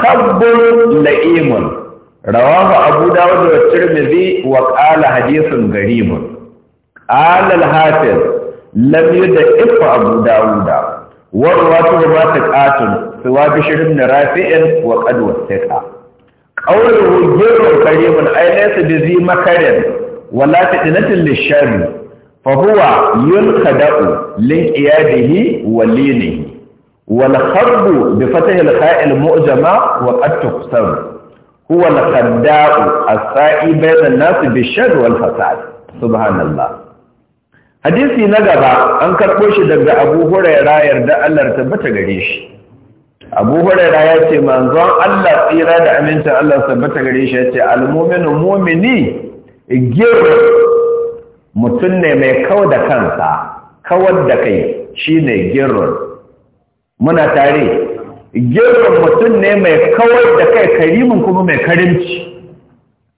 khabbun la'imun رواه أبو داود wa وقال حديث غريب قال الحافظ lam yudda ifa abu dawuda wa ruwatu ma taqatun suwa bishr ibn rafi'in wa qad wasaqa qawluhu ghayru karimun ay laysa bi zi makarin wa la tadinatin lishari fa huwa yunkada'u lin iyadihi wa linihi wal kharbu bi fathi al kha'il mu'jama wa qad tuqsar huwa al khadda'u as-sa'i bayna an-nas bi shar fasad subhanallah hadisi na gaba an karɓo shi daga abu huraira yarda Allah Ta tabbata gare shi abu huraira ya ce manzon Allah tsira da amincin Allah Ta tabbata gare shi ya ce almominu momini mutum ne mai kawo da kansa kawar da kai shine girrin muna tare girrin mutum ne mai kawar da kai karimin kuma mai karimci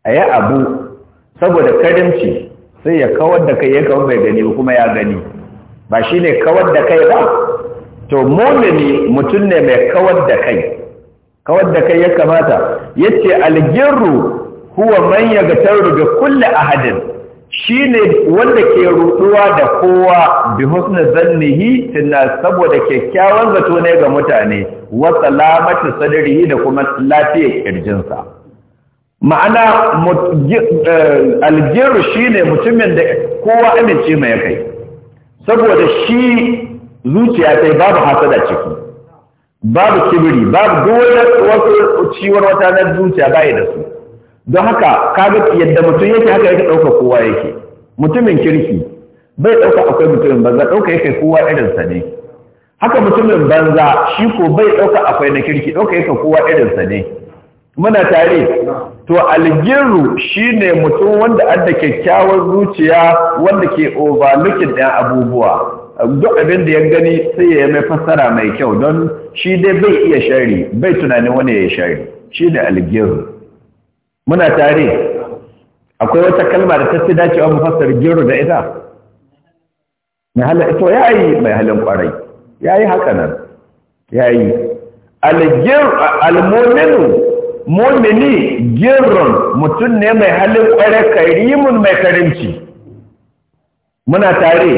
a abu saboda karimci sai ya kawar da kai ya kawar mai gani kuma ya gani ba shi ne kawar da kai ba to momini mutum ne mai kawar da kai kawar da kai ya kamata ya ce algirru huwa manya ga tauru da kulle ahadin shi ne wanda ke rutuwa da kowa bi husnul zannihi tunna saboda kyakkyawan zato ne ga mutane wa salamatu sadrihi da kuma lafiyar kirjinsa ma'ana eh, aljiru shi ne mutumin da kowa amince mai kai saboda shi zuciya ta babu hasada ciki babu kibiri babu dole wasu ciwon wata na zuciya baya da su don haka kaga yadda mutum yake haka yake ɗauka kowa yake mutumin kirki bai ɗauka akwai mutumin banza ɗauka yake kowa irinsa ne haka mutumin banza shi ko bai ɗauka akwai na kirki ɗauka yake kowa irinsa ne muna tare to algiru shine mutum wanda adda kyakkyawar zuciya wanda ke overlooking da abubuwa duk abin da ya gani sai ya mai fassara mai kyau don shi dai bai iya shari bai tunanin wani ya shari shi da algiru muna tare akwai wata kalma da ta fi dacewa mu fassara giru da ita mai halin to ya yi mai halin kwarai ya yi haka nan ya yi algiru almominu mumini girin mutum ne mai halin kware karimun mai karimci muna tare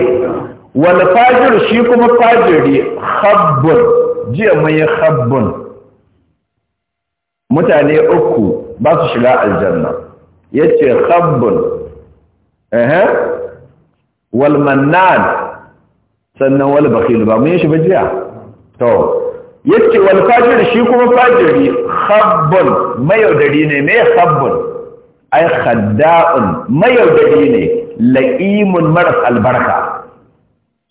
wani fajir shi kuma fajiri habbun jiya mun yi habbun mutane uku ba su shiga aljanna ya ce habbun wal sannan wal bakil ba mun yi shi ba jiya to yace wani fajir shi kuma fajiri khabbun mayaudari ne me khabbun ai khadda'un mayaudari ne la'imun maras albarka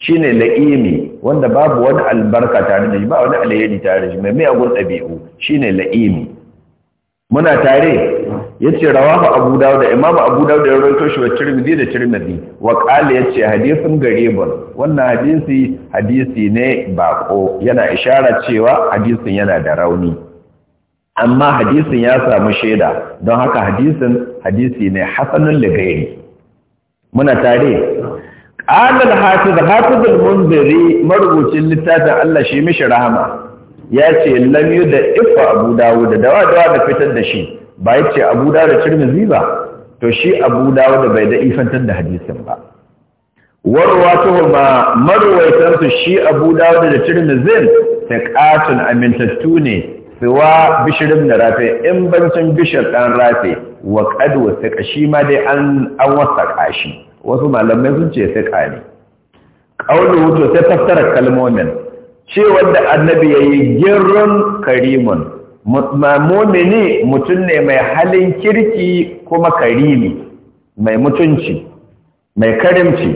Shi ne la'imi wanda babu wani albarka tare da shi ba wani alayyadi tare da shi mai miyagun ɗabi'u Shi ne la'imi muna tare yace rawahu abu dawud da Imam abu dawud ya rawaito shi wa tirmidhi da tirmidhi wa qala yace hadisin garibun wannan hadisi hadisi ne bako yana ishara cewa hadisin yana da rauni amma hadisin ya samu shaida don haka hadisin hadisi ne hasanul ligairi muna tare qala al-hafiz hafiz al-munziri marubucin littafin Allah shi mishi rahama yace lam da ifa abu dawud da dawa da fitar da shi ba ya ce abu da da cirmizi ba to shi abu da da bai da ifantar da hadisin ba Warwa warwatuhu ma marwaitarsu shi abu dawo da ta taqatun amintattu ne siwa bishirin da rafe in bancin bishir ɗan rafe wa qad ta shi ma dai an an wasa shi wasu malamai sun ce saka ne qawluhu to sai fassara kalmomin cewa da annabi yayi girrun karimun mumini mutum ne mai halin kirki kuma karimi mai mutunci mai karimci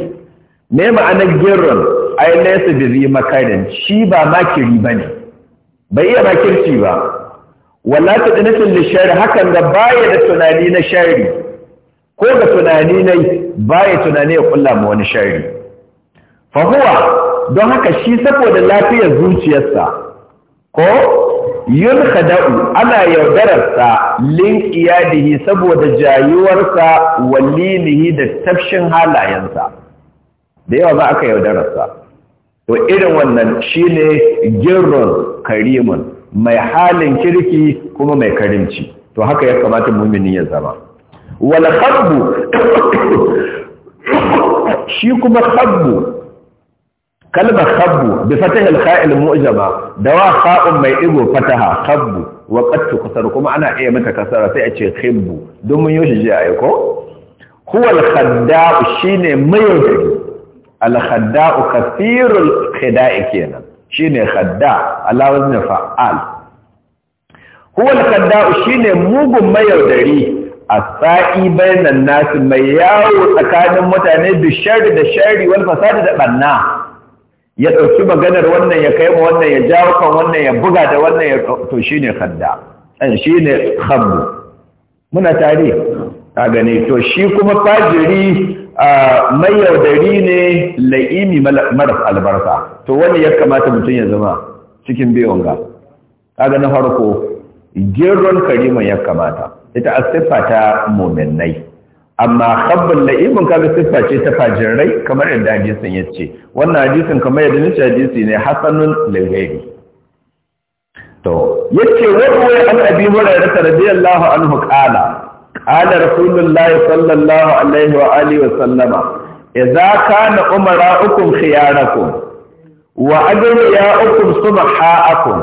me ma'anar girin ai da zai makarin shi ba makiri bane bai iya kirki ba wala da shari hakan da baya da tunani na shari ko da tunani ne baya tunani ya kulla ma wani shari Fahuwa don haka shi saboda lafiyar zuciyarsa ko Khada'u ana yaudararsa lin iyadihi saboda jayuwarsa walilihi da tafshin halayensa da yawa za aka yaudararsa to irin wannan shine girrun karimun mai halin kirki kuma mai karimci to haka ya kamata mumini ya zama wal khabbu shi kuma khabbu kalba khabbu bi fatahil kha'il mu'jama dawa kha'un mai igo fataha khabbu wa qattu kasar kuma ana iya mata kasar sai a ce khibbu don mun yoshi ji ayi ko huwa al khadda'u shine mayaudari al khadda'u kathirul khida'i kenan shine khadda ala wazn fa'al huwa al khadda'u shine mugun mayaudari asai bainan nas mai yawo tsakanin mutane bi sharri da sharri wal fasadi da banna ya ɗauki maganar wannan ya kai ma wannan ya jawo kan wannan ya buga da wannan ya to shi ne khadda eh, shi ne khabbu muna tare a gane to shi kuma fajiri mai yaudari ne la'imi maras albarka to wani ya kamata mutum ya zama cikin biyun ga a na farko girron kariman ya kamata ita siffa ta mominai amma khabbal la'ibun kaga siffa ce ta fajirai kamar yadda hadisin ya ce wannan hadisin kamar yadda nace hadisi ne hasanun laghairi to yace wani an abi hurairah radiyallahu anhu qala qala rasulullahi sallallahu alaihi wa alihi wa sallama idza kana umara'ukum khiyarakum wa ajriya'ukum subha'akum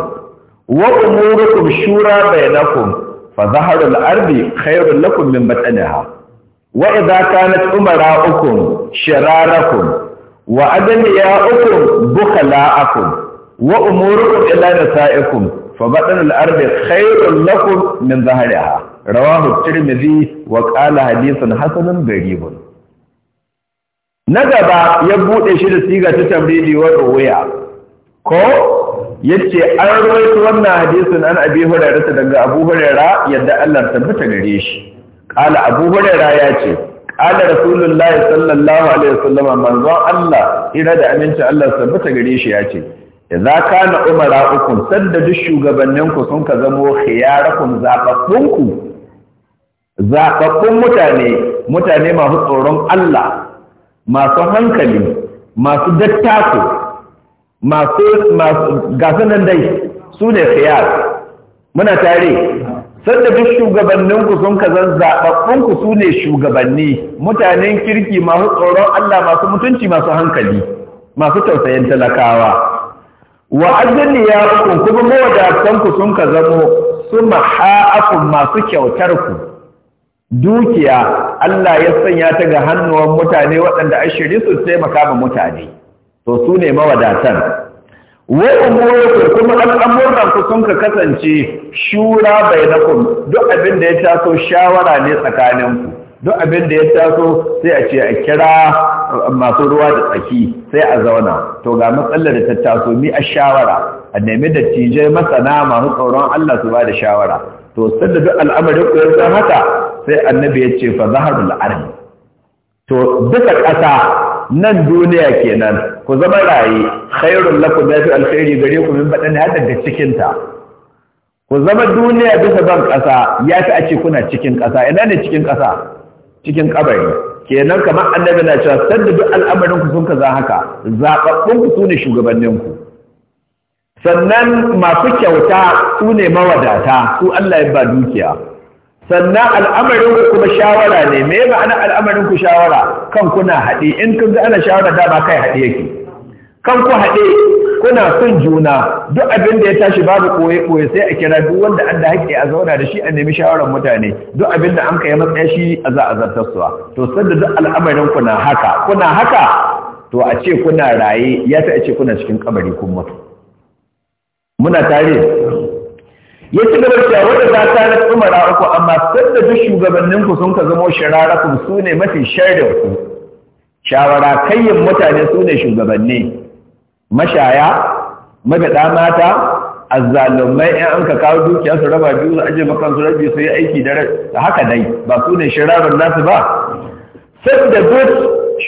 wa umurukum shura bainakum fa zaharul ardi khairul lakum min batniha wa idza kanat umara'ukum shirarakum wa adniya'ukum bukhala'akum wa umurukum ila nisa'ikum فبطن الأرض خير لكم من wa رواه الترمذي وقال حديث Na gaba ya buɗe shi da siga ta tambayi wa ruwaya ko yace an rawaito wannan hadisin an abi hurairah daga abu hurairah yadda Allah tabbata gare shi قال ابو هريره ce, ala رسول الله صلى الله عليه وسلم من ذا الله da aminci Allah sabbata gare shi yace idza kana umara ukun saddadu shugabannin ku sun ka zamo khiyarakum zaqaqun ku mutane mutane masu tsoron Allah masu hankali masu dattako masu masu gasanan dai sune khiyar muna tare sanda duk shugabanninku sun ka zaɓaɓɓunku su ne shugabanni mutanen kirki masu tsoron Allah masu mutunci masu hankali masu tausayin talakawa wa ajali ya kun kuma mawadatanku sun ka zamo su maha'afun masu kyautar ku dukiya Allah ya sanya ta ga hannuwan mutane waɗanda ashiri su taimaka ma mutane to su ne mawadatan wa umurku kuma al'amuran ku sun ka kasance shura bainakum duk abin da ya taso shawara ne tsakaninku duk abin da ya taso sai a ce a kira masu ruwa da tsaki sai a zauna to ga matsalar da ta taso a shawara a nemi dattijai masana masu tsoron Allah su ba da shawara to sanda duk al'amarin ku ya san haka sai annabi ya ce fa zahar ardi to duka ƙasa nan duniya kenan ku zama raye khairun lakum fi alkhairi gare ku min badani hada da cikin ta ku zama duniya bisa ban kasa yafi a ce kuna cikin kasa ina ne cikin kasa cikin kabari kenan kamar annabi na cewa sanda duk al'amarin ku sun kaza haka zababbun ku sune shugabannin ku sannan masu kyauta sune mawadata su Allah ya ba dukiya sannan al'amarin ku kuma shawara ne me ma'ana al'amarin ku shawara kan kuna haɗe in kun ga ana shawara ba kai haɗe yake kan ku haɗe kuna son juna duk abin da ya tashi babu koye koye sai a kira duk wanda an da hake a zauna da shi a nemi shawarar mutane duk abin da an kai matsayin shi a za a zartarsuwa to sanda duk al'amarin ku na haka kuna haka to a ce kuna raye ya ta ce kuna cikin kabari kun mutu muna tare ya ci gaba cewa wadda za ta na umara uku amma sun da duk shugabannin ku sun ka zamo shirarakum su ne mafi shaidar ku shawara kayyin mutane su ne shugabanni mashaya magada mata azzalumai in an ka kawo dukiya su raba biyu su aje makan su rabi su yi aiki da haka dai ba su ne shirarun nasu ba Sun da duk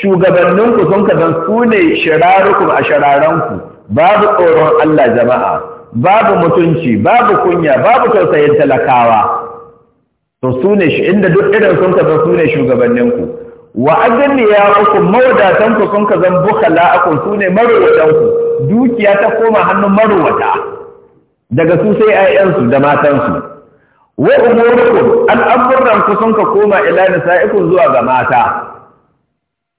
shugabannin ku sun ka zan su ne shirarukun a shirararku, babu tsoron Allah jama'a babu mutunci babu kunya babu tausayin talakawa to su ne inda duk irin sun kaza su ne shugabanninku wa agniya uku mawadatanku sun zan bukala aku su ne marowatanku dukiya ta koma hannun marowata daga su sai ayyansu da matansu wa umurukum al'amuranku sun ka koma ila nisa'ikun zuwa ga mata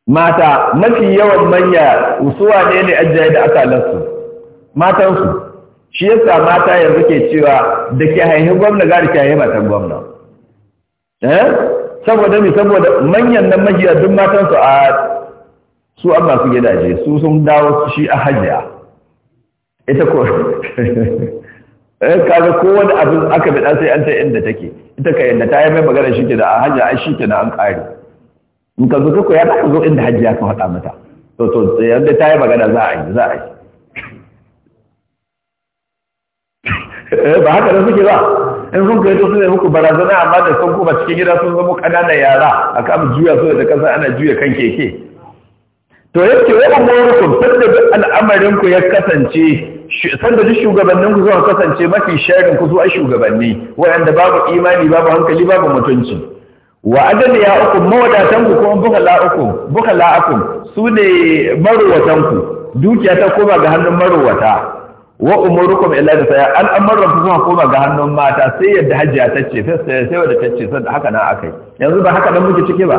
mata mafi yawan manya usuwa ne ne ajiye da akalansu matansu shi yasa mata yanzu ke cewa da ke haihi gwamna gari ke haihi matan gwamna eh? saboda mi saboda manyan nan majiya duk matan su a su an masu gidaje su sun dawo shi a hajiya ita ko eh kaga ko wani abu aka bi sai an ta inda take ita ka yadda ta yi mai magana shi ke da a hajiya ai shi ke na an kare in ka zo ka ya ka zo inda hajiya ka faɗa mata to to yadda ta yi magana za a yi za a yi Eh, ba haka da suke ba in sun kai to su ne muku barazana amma da sun kuma cikin gida sun zama kanana yara a kan juya su da kasa ana juya kan keke to yake wa umurukum sanda duk al'amarin ku ya kasance sanda da shugabannin ku zuwa kasance mafi sharin ku zuwa shugabanni wanda babu imani babu hankali babu mutunci wa adali ya uku mawadatan ku kuma bukala uku bukala uku su ne maruwatan ku dukiya ta koma ga hannun marowata wa umurukum illa da saya an amarra su kuma koma ga hannun mata sai yadda hajjiya ta ce sai sai wadda ta ce sai haka na akai yanzu ba haka nan muke ciki ba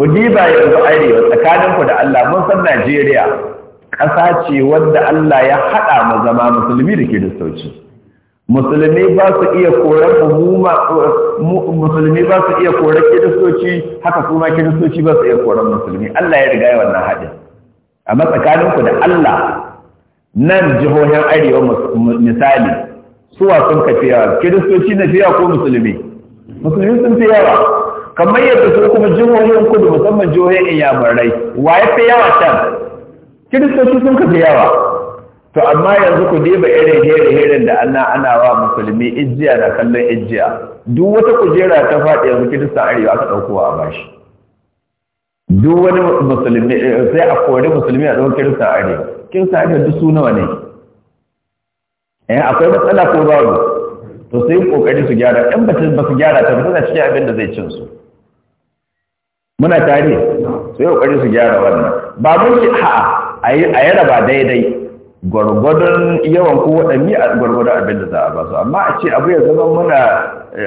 ku diba yanzu arewa tsakanin ku da Allah mun san Najeriya ƙasa ce wanda Allah ya haɗa mu zama musulmi da kiristoci musulmi ba su iya korar umuma musulmi ba su iya korar kiristoci haka kuma kiristoci ba su iya korar musulmi Allah ya riga ya wannan haɗi. amma tsakanin ku da Allah nan jihohin arewa misali suwa sun kafi yawa kiristoci na fiya ko musulmi musulmi sun fi yawa kamar yadda su kuma jihohin kudu musamman jihohin inyamurai wa ya fi yawa can kiristoci sun kafi yawa to amma yanzu ku diba irin herin da ana ana wa musulmi ijiya da kallon ijiya duk wata kujera ta faɗi yanzu kirista arewa aka ɗaukowa a bashi duk wani musulmi eh, sai a kori musulmi a ɗaukar kirista arewa cikin sahaifar duk su nawa ne eh akwai matsala ko babu to sai kokari su gyara ɗan batun ba su gyara ta ba cikin abin da zai cin su muna tare sai kokari su gyara wannan ba mun shi a a yi raba daidai gwargwadon yawan ko waɗanni a gwargwadon abin da za a ba su amma a ce abu ya zama muna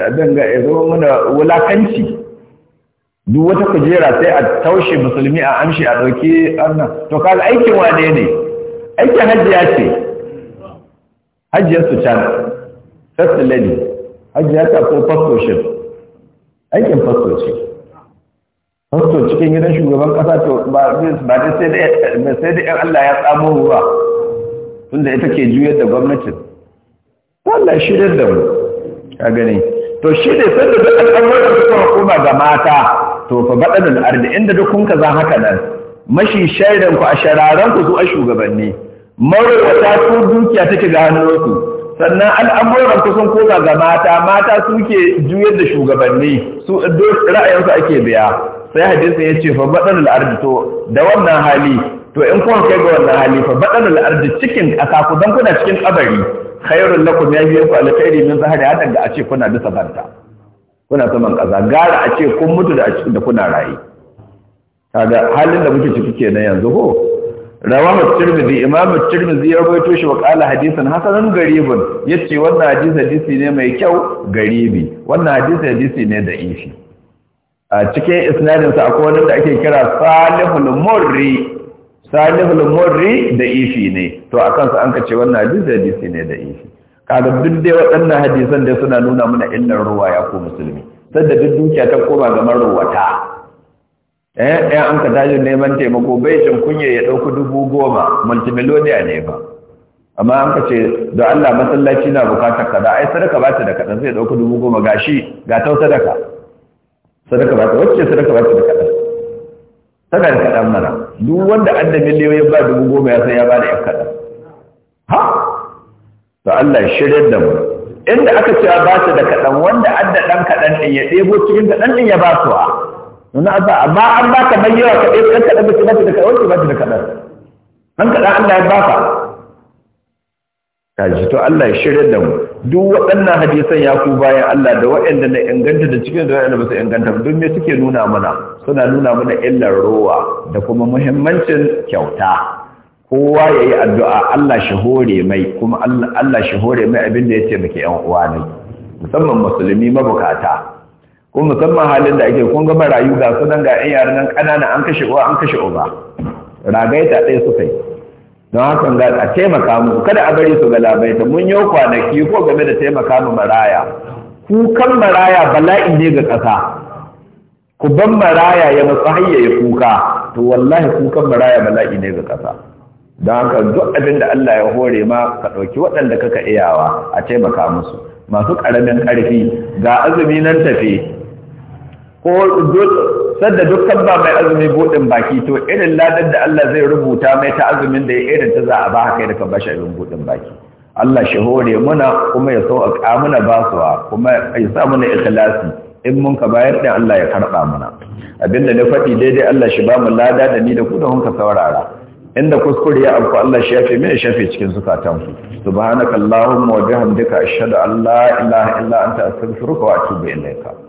abin ga ya zama muna wulakanci duk wata kujera sai a taushe musulmi a amshi a ɗauki annan to kaga aikin wane ne aikin ya ce hajjiyar su can first lady ya ta ko pastorship aikin pastor ce pastor cikin gidan shugaban kasa ce ba dai sai da da Allah ya tsamo ruwa tunda ita ke juyar da gwamnatin Allah shi da mu ka gani to shi ne sai da dukkan da suka hukuma ga mata to fa badanul ardi inda duk kun ka za haka nan mashi shaidan ku a shararan ku su a shugabanni marwata su dukiya take ga hannunsu sannan al'amuran kusan koma ga mata mata suke juyar da shugabanni su ra'ayinsu ake biya sai hadisi ya ce fa baɗanul ardi to da wannan hali to in kun kai ga wannan hali fa baɗanul ardi cikin aka ku don kuna cikin kabari khairul lakum ya yi ku alkhairi min zahari hada ga a ce kuna bisa banta kuna saman kaza. gara a ce kun mutu da kuna raye kaga halin da muke ciki kenan yanzu ho rawahu tirmidhi imamu tirmidhi ya rawaito shi wa qala hadithan hasanan garibun yace wannan hadisi hadisi ne mai kyau garibi wannan hadisi hadisi ne da ishi a cikin isnadin sa akwai wanda ake kira salihul murri salihul murri da ishi ne to akan sa an kace wannan hadisi hadisi ne da ishi kada duk dai waɗannan hadisan da suna nuna mana illar ruwaya ko musulmi sanda duk dukiya ta koma ga marwata eh ya eh, an ka dajin neman taimako bai jin kunya ya dauki dubu goma multimillionaire ne ba amma an ka ce da Allah masallaci na bukatar da ai sadaka ba ta da kadan sai dauki dubu goma gashi ga tau sadaka sadaka ba ta wacce sadaka ba ta da kadan sadaka da kadan mana duk wanda an da miliyoyin ba dubu goma ya san ya ba da yan kadan ha to Allah shirye da mu inda aka ce ba ta da kadan wanda an da dan kadan din ya debo cikin kadan din ya ba su nuna ba amma an ba ka mai yawa kaɗai ɗan kaɗan ba ce ba da kaɗan ba ce da kaɗan an kaɗan Allah ya ba ka kaji to Allah ya shirya da mu duk waɗannan hadisan ya ku bayan Allah da waɗanda na inganta da cikin da waɗanda ba su inganta don me suke nuna mana suna nuna mana illar rowa da kuma muhimmancin kyauta kowa ya yi addu'a Allah shi hore mai kuma Allah shi hore mai abinda ya ce muke ‘yan uwa ne, musamman musulmi mabukata, ko musamman halin da ake kun ga marayu ga su nan ga ɗan yaran nan ƙanana an kashe uwa an kashe uba ragaita ɗaya suka yi don haka ga a taimaka musu kada a bari su ga labaita mun yi kwanaki ko game da taimaka mu maraya kukan maraya bala'i ne ga ƙasa ku ban maraya ya matsa hayya ya kuka to wallahi kukan maraya bala'i ne ga ƙasa don haka duk abin da Allah ya hore ma ka ɗauki waɗanda kaka iyawa a taimaka musu masu ƙaramin ƙarfi ga azumi nan tafe ko sadda dukkan ba mai azumi buɗin baki to irin ladar da Allah zai rubuta mai ta azumin da ya irin ta za a ba kai da ka bashi abin buɗin baki Allah shi hore muna kuma ya sauƙa muna basuwa kuma ya sa muna ikhlasi in mun ka bayar da Allah ya karɓa muna abinda na faɗi daidai Allah shi ba mu lada da ni da ku da saurara inda kuskure ya amfa Allah shi yafe mini shafe cikin zukatan ku subhanakallahumma wa bihamdika ashhadu an la ilaha illa anta astaghfiruka wa atubu ilayka